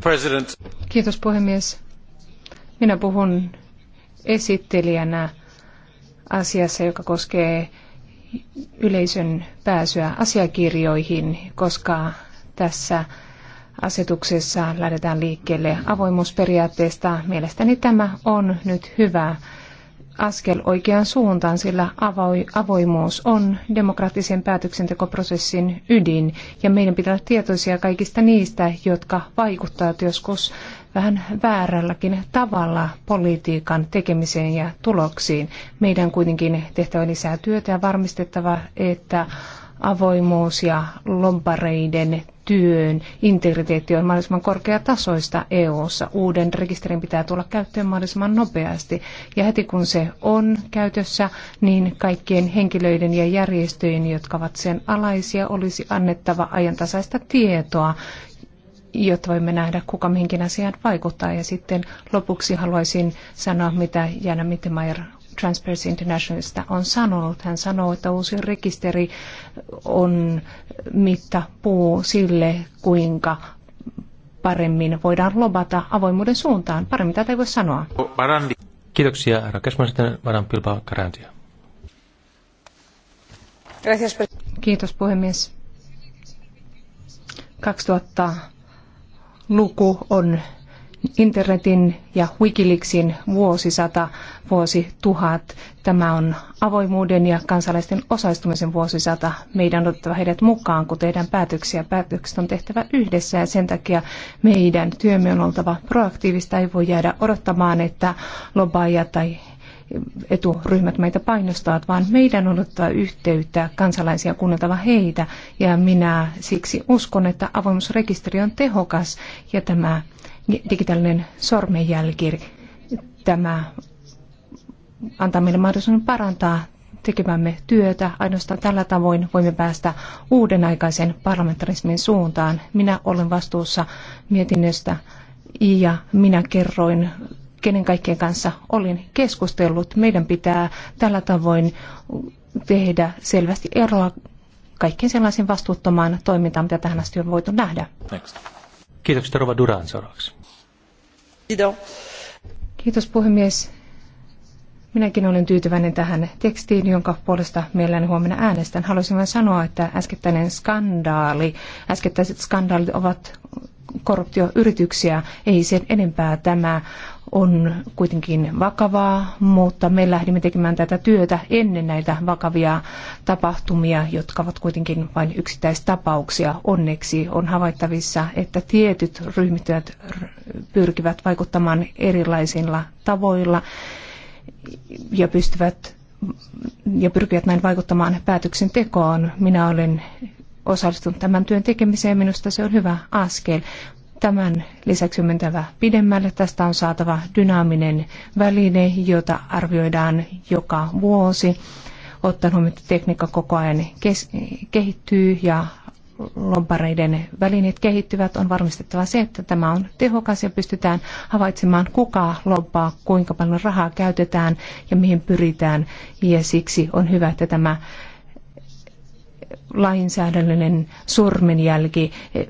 President. Kiitos puhemies. Minä puhun esittelijänä asiassa, joka koskee yleisön pääsyä asiakirjoihin, koska tässä asetuksessa lähdetään liikkeelle avoimuusperiaatteesta. Mielestäni tämä on nyt hyvä askel oikeaan suuntaan, sillä avoimuus on demokraattisen päätöksentekoprosessin ydin. Ja meidän pitää olla tietoisia kaikista niistä, jotka vaikuttavat joskus vähän väärälläkin tavalla politiikan tekemiseen ja tuloksiin. Meidän kuitenkin tehtävä lisää työtä ja varmistettava, että avoimuus ja lobbareiden työn integriteetti on mahdollisimman korkeatasoista EU-ssa. Uuden rekisterin pitää tulla käyttöön mahdollisimman nopeasti. Ja heti kun se on käytössä, niin kaikkien henkilöiden ja järjestöjen, jotka ovat sen alaisia, olisi annettava ajantasaista tietoa jotta voimme nähdä, kuka mihinkin asiaan vaikuttaa. Ja sitten lopuksi haluaisin sanoa, mitä Jana Mittemeier Transparency Internationalista on sanonut. Hän sanoo, että uusi rekisteri on mittapuu sille, kuinka paremmin voidaan lobata avoimuuden suuntaan. Paremmin tätä ei voi sanoa. Kiitoksia, herra Kesman. Sitten varan pilpaa Karantia. Kiitos, puhemies. 2000 luku on internetin ja Wikileaksin vuosisata, vuosituhat. Tämä on avoimuuden ja kansalaisten osallistumisen vuosisata. Meidän on otettava heidät mukaan, kun tehdään päätöksiä. Päätökset on tehtävä yhdessä ja sen takia meidän työmme on oltava proaktiivista. Ei voi jäädä odottamaan, että lobbaajat tai eturyhmät meitä painostavat, vaan meidän on otettava yhteyttä kansalaisia kuunneltava heitä. Ja minä siksi uskon, että avoimuusrekisteri on tehokas ja tämä digitaalinen sormenjälki. Tämä antaa meille mahdollisuuden parantaa tekemämme työtä. Ainoastaan tällä tavoin voimme päästä uuden aikaisen parlamentarismin suuntaan. Minä olen vastuussa mietinnöstä ja minä kerroin kenen kaikkien kanssa olin keskustellut. Meidän pitää tällä tavoin tehdä selvästi eroa kaikkien sellaisen vastuuttomaan toimintaan, mitä tähän asti on voitu nähdä. Next. Kiitokset Rova Duran seuraavaksi. Kiitos puhemies. Minäkin olen tyytyväinen tähän tekstiin, jonka puolesta mielelläni huomenna äänestän. Haluaisin vain sanoa, että äskettäinen skandaali, äskettäiset skandaalit ovat korruptioyrityksiä, ei sen enempää tämä on kuitenkin vakavaa, mutta me lähdimme tekemään tätä työtä ennen näitä vakavia tapahtumia, jotka ovat kuitenkin vain yksittäistapauksia. Onneksi on havaittavissa, että tietyt ryhmittyvät pyrkivät vaikuttamaan erilaisilla tavoilla ja pystyvät ja pyrkivät näin vaikuttamaan päätöksentekoon. Minä olen osallistunut tämän työn tekemiseen. Minusta se on hyvä askel, Tämän lisäksi on mentävä pidemmälle. Tästä on saatava dynaaminen väline, jota arvioidaan joka vuosi. Ottaen huomioon, että tekniikka koko ajan kehittyy ja lompareiden välineet kehittyvät, on varmistettava se, että tämä on tehokas ja pystytään havaitsemaan, kuka lompaa, kuinka paljon rahaa käytetään ja mihin pyritään. Ja siksi on hyvä, että tämä lainsäädännöllinen sormenjälki eh,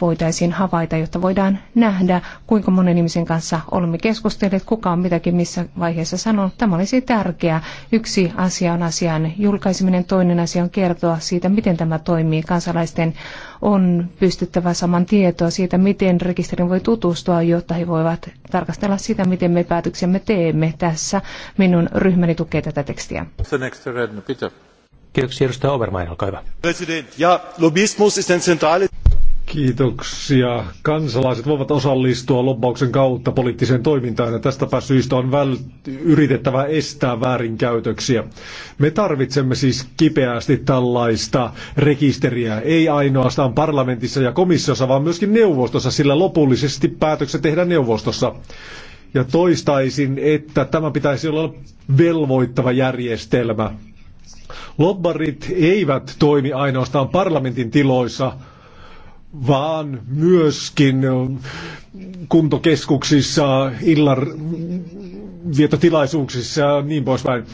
voitaisiin havaita, jotta voidaan nähdä, kuinka monen ihmisen kanssa olemme keskustelleet, kuka on mitäkin missä vaiheessa sanonut. Tämä olisi tärkeää. Yksi asia on asian julkaiseminen, toinen asia on kertoa siitä, miten tämä toimii. Kansalaisten on pystyttävä saman tietoa siitä, miten rekisterin voi tutustua, jotta he voivat tarkastella sitä, miten me päätöksemme teemme. Tässä minun ryhmäni tukee tätä tekstiä. The next Peter. Kiitoksia edustaja Overmain, olkaa hyvä. ja Kiitoksia. Kansalaiset voivat osallistua lobbauksen kautta poliittiseen toimintaan ja tästä syystä on väl- yritettävä estää väärinkäytöksiä. Me tarvitsemme siis kipeästi tällaista rekisteriä, ei ainoastaan parlamentissa ja komissiossa, vaan myöskin neuvostossa, sillä lopullisesti päätökset tehdään neuvostossa. Ja toistaisin, että tämä pitäisi olla velvoittava järjestelmä. Lobbarit eivät toimi ainoastaan parlamentin tiloissa, vaan myöskin kuntokeskuksissa, illan vietotilaisuuksissa ja niin poispäin.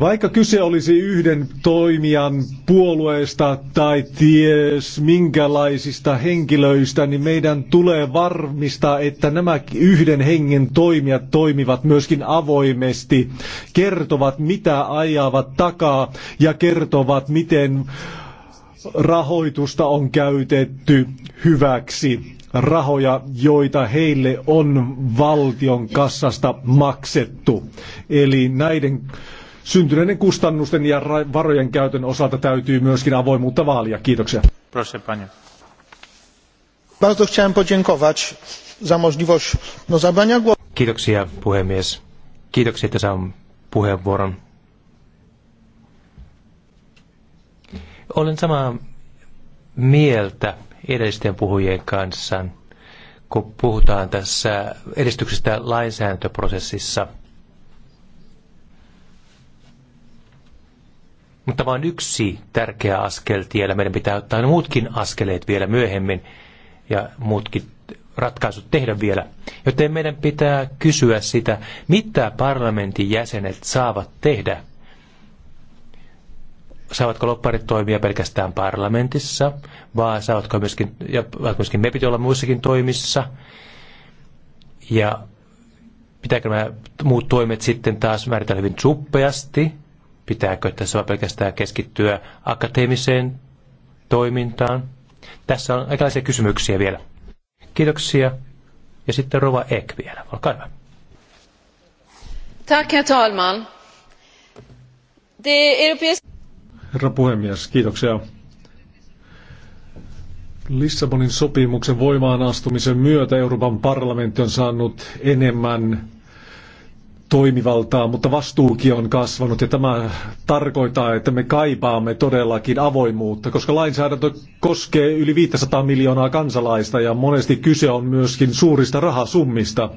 Vaikka kyse olisi yhden toimijan puolueesta tai ties minkälaisista henkilöistä, niin meidän tulee varmistaa, että nämä yhden hengen toimijat toimivat myöskin avoimesti, kertovat mitä ajavat takaa ja kertovat miten rahoitusta on käytetty hyväksi rahoja, joita heille on valtion kassasta maksettu. Eli näiden syntyneiden kustannusten ja varojen käytön osalta täytyy myöskin avoimuutta vaalia. Kiitoksia. Proszę panie. Bardzo chciałem podziękować za możliwość no, zabrania głosu. Kiitoksia puhemies. Kiitoksia, että saan puheenvuoron. Olen samaa mieltä edellisten puhujien kanssa, kun puhutaan tässä edistyksestä lainsäädäntöprosessissa – Mutta tämä on yksi tärkeä askel tiellä. Meidän pitää ottaa muutkin askeleet vielä myöhemmin ja muutkin ratkaisut tehdä vielä. Joten meidän pitää kysyä sitä, mitä parlamentin jäsenet saavat tehdä. Saavatko lopparit toimia pelkästään parlamentissa, vai saavatko myöskin, ja myöskin pitää olla muissakin toimissa, ja pitääkö nämä muut toimet sitten taas määritellä hyvin suppeasti, Pitääkö tässä vaan pelkästään keskittyä akateemiseen toimintaan? Tässä on aikalaisia kysymyksiä vielä. Kiitoksia. Ja sitten Rova Ek vielä. Olkaa hyvä. Tack, herr talman. Herra puhemies, kiitoksia. Lissabonin sopimuksen voimaan astumisen myötä Euroopan parlamentti on saanut enemmän toimivaltaa, mutta vastuukin on kasvanut ja tämä tarkoittaa, että me kaipaamme todellakin avoimuutta, koska lainsäädäntö koskee yli 500 miljoonaa kansalaista ja monesti kyse on myöskin suurista rahasummista.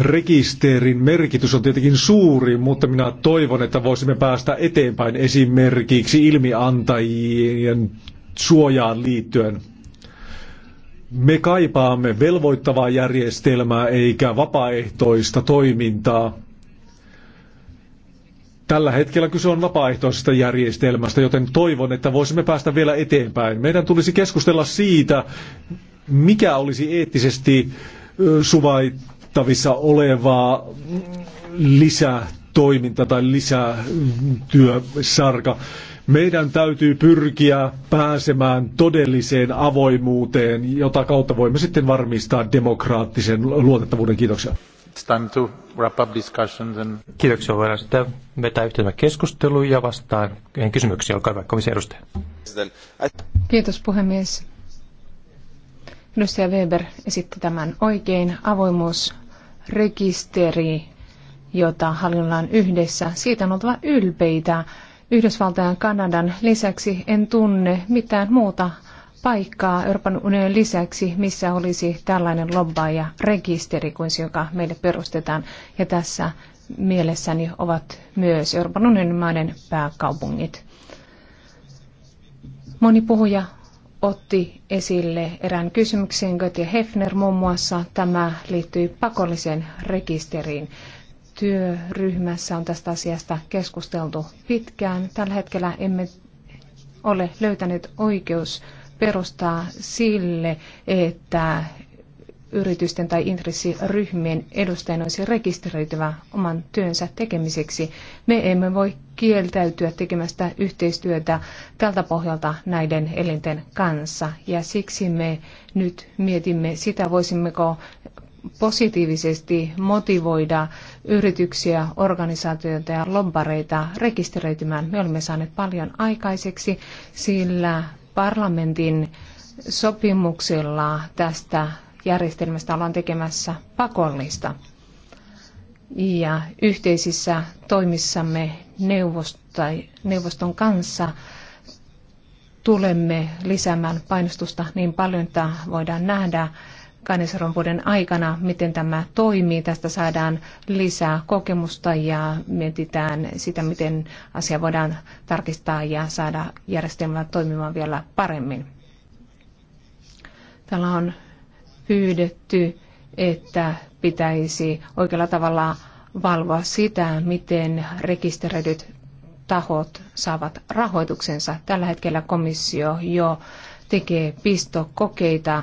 Rekisterin merkitys on tietenkin suuri, mutta minä toivon, että voisimme päästä eteenpäin esimerkiksi ilmiantajien suojaan liittyen. Me kaipaamme velvoittavaa järjestelmää eikä vapaaehtoista toimintaa. Tällä hetkellä kyse on vapaaehtoisesta järjestelmästä, joten toivon, että voisimme päästä vielä eteenpäin. Meidän tulisi keskustella siitä, mikä olisi eettisesti suvaittavissa olevaa lisätoiminta tai lisätyösarka. Meidän täytyy pyrkiä pääsemään todelliseen avoimuuteen, jota kautta voimme sitten varmistaa demokraattisen luotettavuuden. Kiitoksia. Kiitoksia. Voidaan sitten vetää yhteen keskustelu ja vastaan kysymyksiä. Olkaa hyvä, komission edustaja. Kiitos puhemies. Edustaja Weber esitti tämän oikein. Avoimuusrekisteri, jota hallinnollaan yhdessä. Siitä on oltava ylpeitä. Yhdysvaltain ja Kanadan lisäksi en tunne mitään muuta paikkaa Euroopan unionin lisäksi, missä olisi tällainen lobbaajarekisteri kuin se, joka meille perustetaan. Ja tässä mielessäni ovat myös Euroopan unionin maiden pääkaupungit. Moni puhuja otti esille erään kysymyksen, Götje Hefner muun muassa. Tämä liittyy pakolliseen rekisteriin työryhmässä on tästä asiasta keskusteltu pitkään. Tällä hetkellä emme ole löytäneet oikeus perustaa sille, että yritysten tai intressiryhmien edustajien olisi rekisteröityvä oman työnsä tekemiseksi. Me emme voi kieltäytyä tekemästä yhteistyötä tältä pohjalta näiden elinten kanssa ja siksi me nyt mietimme sitä, voisimmeko positiivisesti motivoida yrityksiä, organisaatioita ja lobbareita rekisteröitymään. Me olemme saaneet paljon aikaiseksi, sillä parlamentin sopimuksella tästä järjestelmästä ollaan tekemässä pakollista. Ja yhteisissä toimissamme neuvoston kanssa tulemme lisäämään painostusta niin paljon, että voidaan nähdä kahdensadan vuoden aikana, miten tämä toimii. Tästä saadaan lisää kokemusta ja mietitään sitä, miten asia voidaan tarkistaa ja saada järjestelmää toimimaan vielä paremmin. Täällä on pyydetty, että pitäisi oikealla tavalla valvoa sitä, miten rekisteröidyt tahot saavat rahoituksensa. Tällä hetkellä komissio jo tekee pistokokeita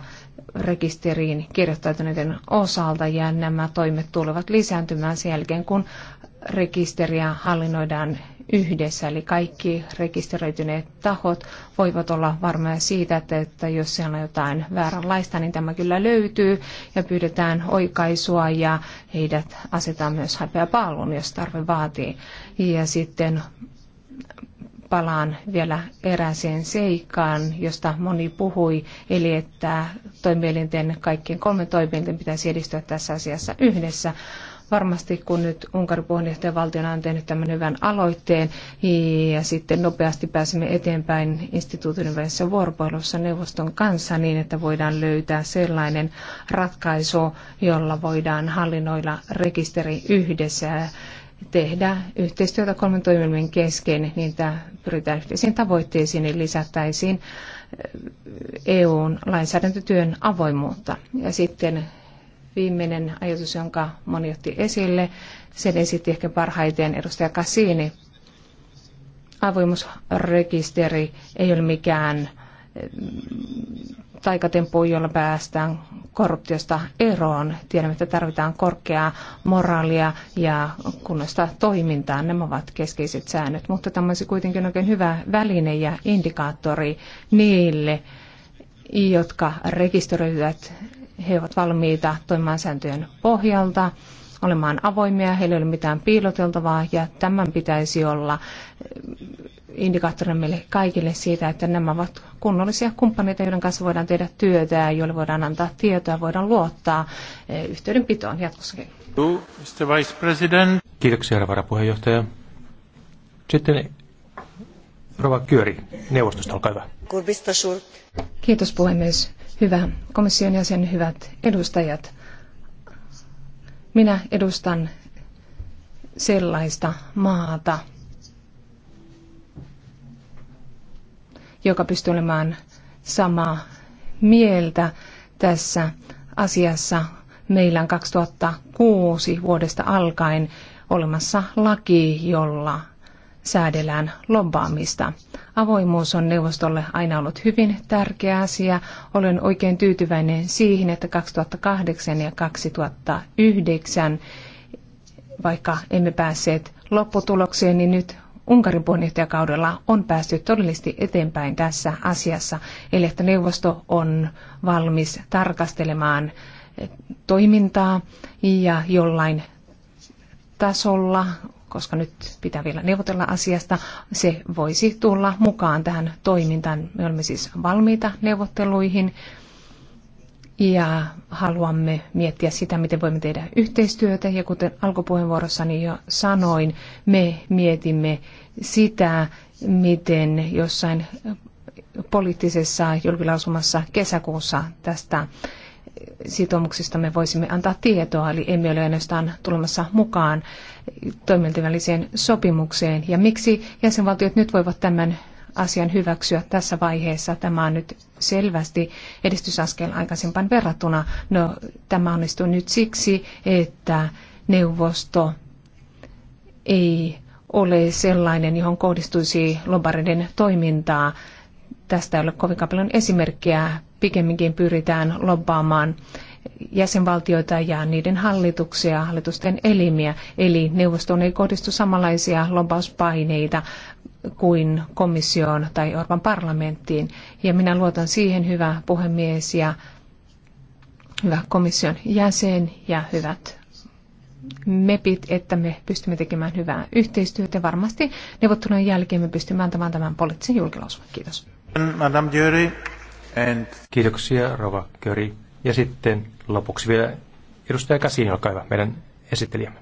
rekisteriin kirjoittautuneiden osalta ja nämä toimet tulevat lisääntymään sen jälkeen, kun rekisteriä hallinnoidaan yhdessä, eli kaikki rekisteröityneet tahot voivat olla varmoja siitä, että, että jos siellä on jotain vääränlaista, niin tämä kyllä löytyy ja pyydetään oikaisua ja heidät asetaan myös häpeäpallon, jos tarve vaatii. Ja sitten palaan vielä erääseen seikkaan, josta moni puhui, eli että toimielinten, kaikkien kolmen toimielinten pitäisi edistyä tässä asiassa yhdessä. Varmasti kun nyt Unkarin puheenjohtajavaltiona on tehnyt tämän hyvän aloitteen ja sitten nopeasti pääsemme eteenpäin instituutin välisessä vuoropuhelussa neuvoston kanssa niin, että voidaan löytää sellainen ratkaisu, jolla voidaan hallinnoida rekisteri yhdessä tehdä yhteistyötä kolmen toimielimen kesken, niin tämä pyritään yhteisiin tavoitteisiin, niin lisättäisiin EUn eh, e lainsäädäntötyön avoimuutta. Ja sitten viimeinen ajatus, jonka moni otti esille, sen esitti ehkä parhaiten edustaja Cassini. Avoimuusrekisteri ei ole mikään eh, taikatempu, jolla päästään korruptiosta eroon. Tiedämme, että tarvitaan korkeaa moraalia ja kunnosta toimintaa. Nämä ovat keskeiset säännöt, mutta tämä olisi kuitenkin oikein hyvä väline ja indikaattori niille, jotka rekisteröityvät. He ovat valmiita toimimaan sääntöjen pohjalta olemaan avoimia, heillä ei ole mitään piiloteltavaa ja tämän pitäisi olla indikaattorina meille kaikille siitä, että nämä ovat kunnollisia kumppaneita, joiden kanssa voidaan tehdä työtä ja joille voidaan antaa tietoa, voidaan luottaa eh, yhteydenpitoon jatkossakin. Mr. Vice President. Kiitoksia, herra varapuheenjohtaja. Sitten Rova Kyöri, neuvostosta, olkaa hyvä. Kiitos puhemies. Hyvä komission jäsen, hyvät edustajat. Minä edustan sellaista maata, joka pystyy olemaan samaa mieltä tässä asiassa. Meillä on 2006 vuodesta alkaen olemassa laki, jolla säädellään lobbaamista. Avoimuus on neuvostolle aina ollut hyvin tärkeä asia. Olen oikein tyytyväinen siihen, että 2008 ja 2009, vaikka emme päässeet lopputulokseen, niin nyt Unkarin puheenjohtajakaudella on päästy todellisesti eteenpäin tässä asiassa, eli että neuvosto on valmis tarkastelemaan eh, toimintaa ja jollain tasolla, koska nyt pitää vielä neuvotella asiasta, se voisi tulla mukaan tähän toimintaan. Me olemme siis valmiita neuvotteluihin ja haluamme miettiä sitä, miten voimme tehdä yhteistyötä. Ja kuten alkupuheenvuorossani jo sanoin, me mietimme sitä, miten jossain poliittisessa julkilausumassa kesäkuussa tästä sitoumuksista me voisimme antaa tietoa, eli emme ole ainoastaan tulemassa mukaan toimintaväliseen sopimukseen. Ja miksi jäsenvaltiot nyt voivat tämän asian hyväksyä tässä vaiheessa. Tämä on nyt selvästi edistysaskel aikaisempaan verrattuna. No, tämä onnistuu nyt siksi, että neuvosto ei ole sellainen, johon kohdistuisi lobariden toimintaa. Tästä ei ole kovin paljon esimerkkiä. Pikemminkin pyritään lobbaamaan jäsenvaltioita ja niiden hallituksia, hallitusten elimiä. Eli neuvostoon ei kohdistu samanlaisia lompauspaineita kuin komissioon tai Euroopan parlamenttiin. Ja minä luotan siihen, hyvä puhemies ja hyvä komission jäsen ja hyvät MEPit, että me pystymme tekemään hyvää yhteistyötä. Varmasti neuvottelujen jälkeen me pystymme antamaan tämän poliittisen julkilausuman. Kiitos. Madame Jury and... Kiitoksia, Rova Köri. Ja sitten lopuksi vielä edustaja Cassini, olkaa hyvä, meidän esittelijämme.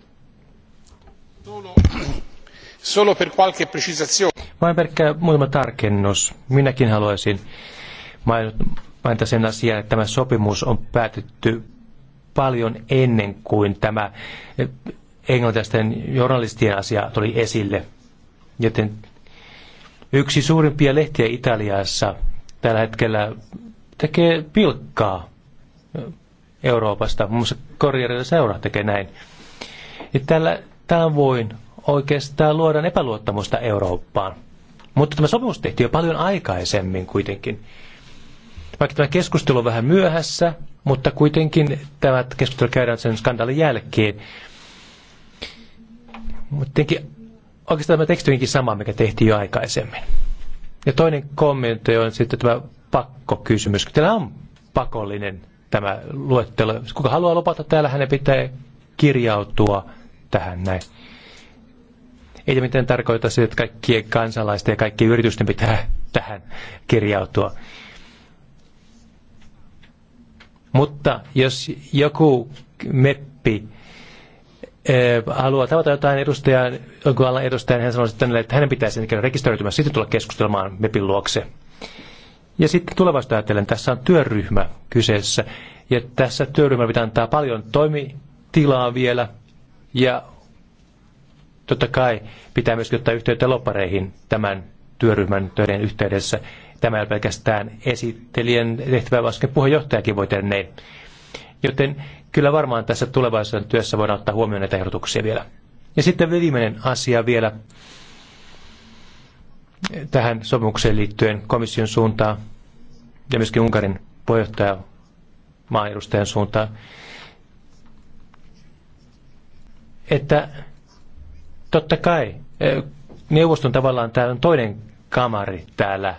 Solo per qualche precisazione. Vain pelkkä muutama tarkennus. Minäkin haluaisin mainita sen asian, että tämä sopimus on päätetty paljon ennen kuin tämä eh, englantilaisten journalistien asia tuli esille. Joten yksi suurimpia lehtiä Italiassa tällä hetkellä tekee pilkkaa Euroopasta. Muun muassa Korjärjellä seura tekee näin. Ja tällä tavoin oikeastaan luodaan epäluottamusta Eurooppaan. Mutta tämä sopimus tehtiin jo paljon aikaisemmin kuitenkin. Vaikka tämä keskustelu on vähän myöhässä, mutta kuitenkin tämä keskustelu käydään sen skandaalin jälkeen. Mutta oikeastaan tämä teksti onkin sama, mikä tehtiin jo aikaisemmin. Ja toinen kommentti on sitten tämä pakkokysymys. tämä on pakollinen tämä luettelo. Kuka haluaa lopata täällä, hänen pitää kirjautua tähän näin. Ei se mitään tarkoita sitä, että kaikkien kansalaisten ja kaikkien yritysten pitää tähän kirjautua. Mutta jos joku meppi eh, haluaa tavata jotain edustajaa, jonkun alan edustajan, niin hän sanoo sitten, että hänen pitäisi rekisteröitymään, sitten tulla keskustelemaan MEPin luokse. Ja sitten tulevaisuutta ajatellen, tässä on työryhmä kyseessä, ja tässä työryhmä pitää antaa paljon toimitilaa vielä, ja totta kai pitää myös ottaa yhteyttä lopareihin tämän työryhmän töiden yhteydessä. Tämä ei pelkästään esittelijän tehtävä, vaan puheenjohtajakin voi tehdä näin. Joten kyllä varmaan tässä tulevaisuuden työssä voidaan ottaa huomioon näitä ehdotuksia vielä. Ja sitten viimeinen asia vielä, tähän sopimukseen liittyen komission suuntaan ja myöskin Unkarin puheenjohtaja maan edustajan suuntaan, että totta kai neuvoston tavallaan täällä on toinen kamari täällä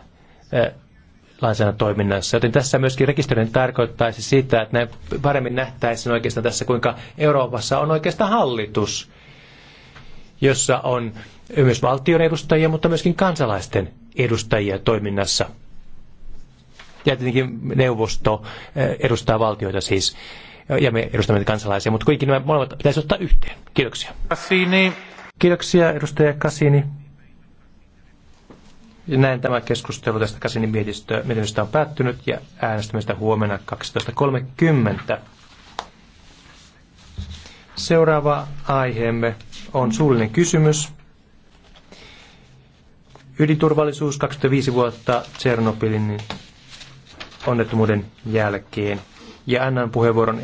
lainsäädäntötoiminnassa. Joten tässä myöskin rekisteröinti tarkoittaisi sitä, että näin paremmin nähtäisiin oikeastaan tässä, kuinka Euroopassa on oikeastaan hallitus, jossa on myös valtion edustajia, mutta myöskin kansalaisten edustajia toiminnassa. Ja tietenkin neuvosto eh, edustaa valtioita siis, ja me edustamme kansalaisia, mutta kuitenkin nämä molemmat pitäisi ottaa yhteen. Kiitoksia. Kassini. Kiitoksia edustaja Kasini. Ja näin tämä keskustelu tästä Kasinin mietinnöstä on päättynyt ja äänestämistä huomenna 12.30. Seuraava aiheemme on suullinen kysymys. Ydinturvallisuus 25 vuotta Tsernobylin onnettomuuden jälkeen. Ja annan puheenvuoron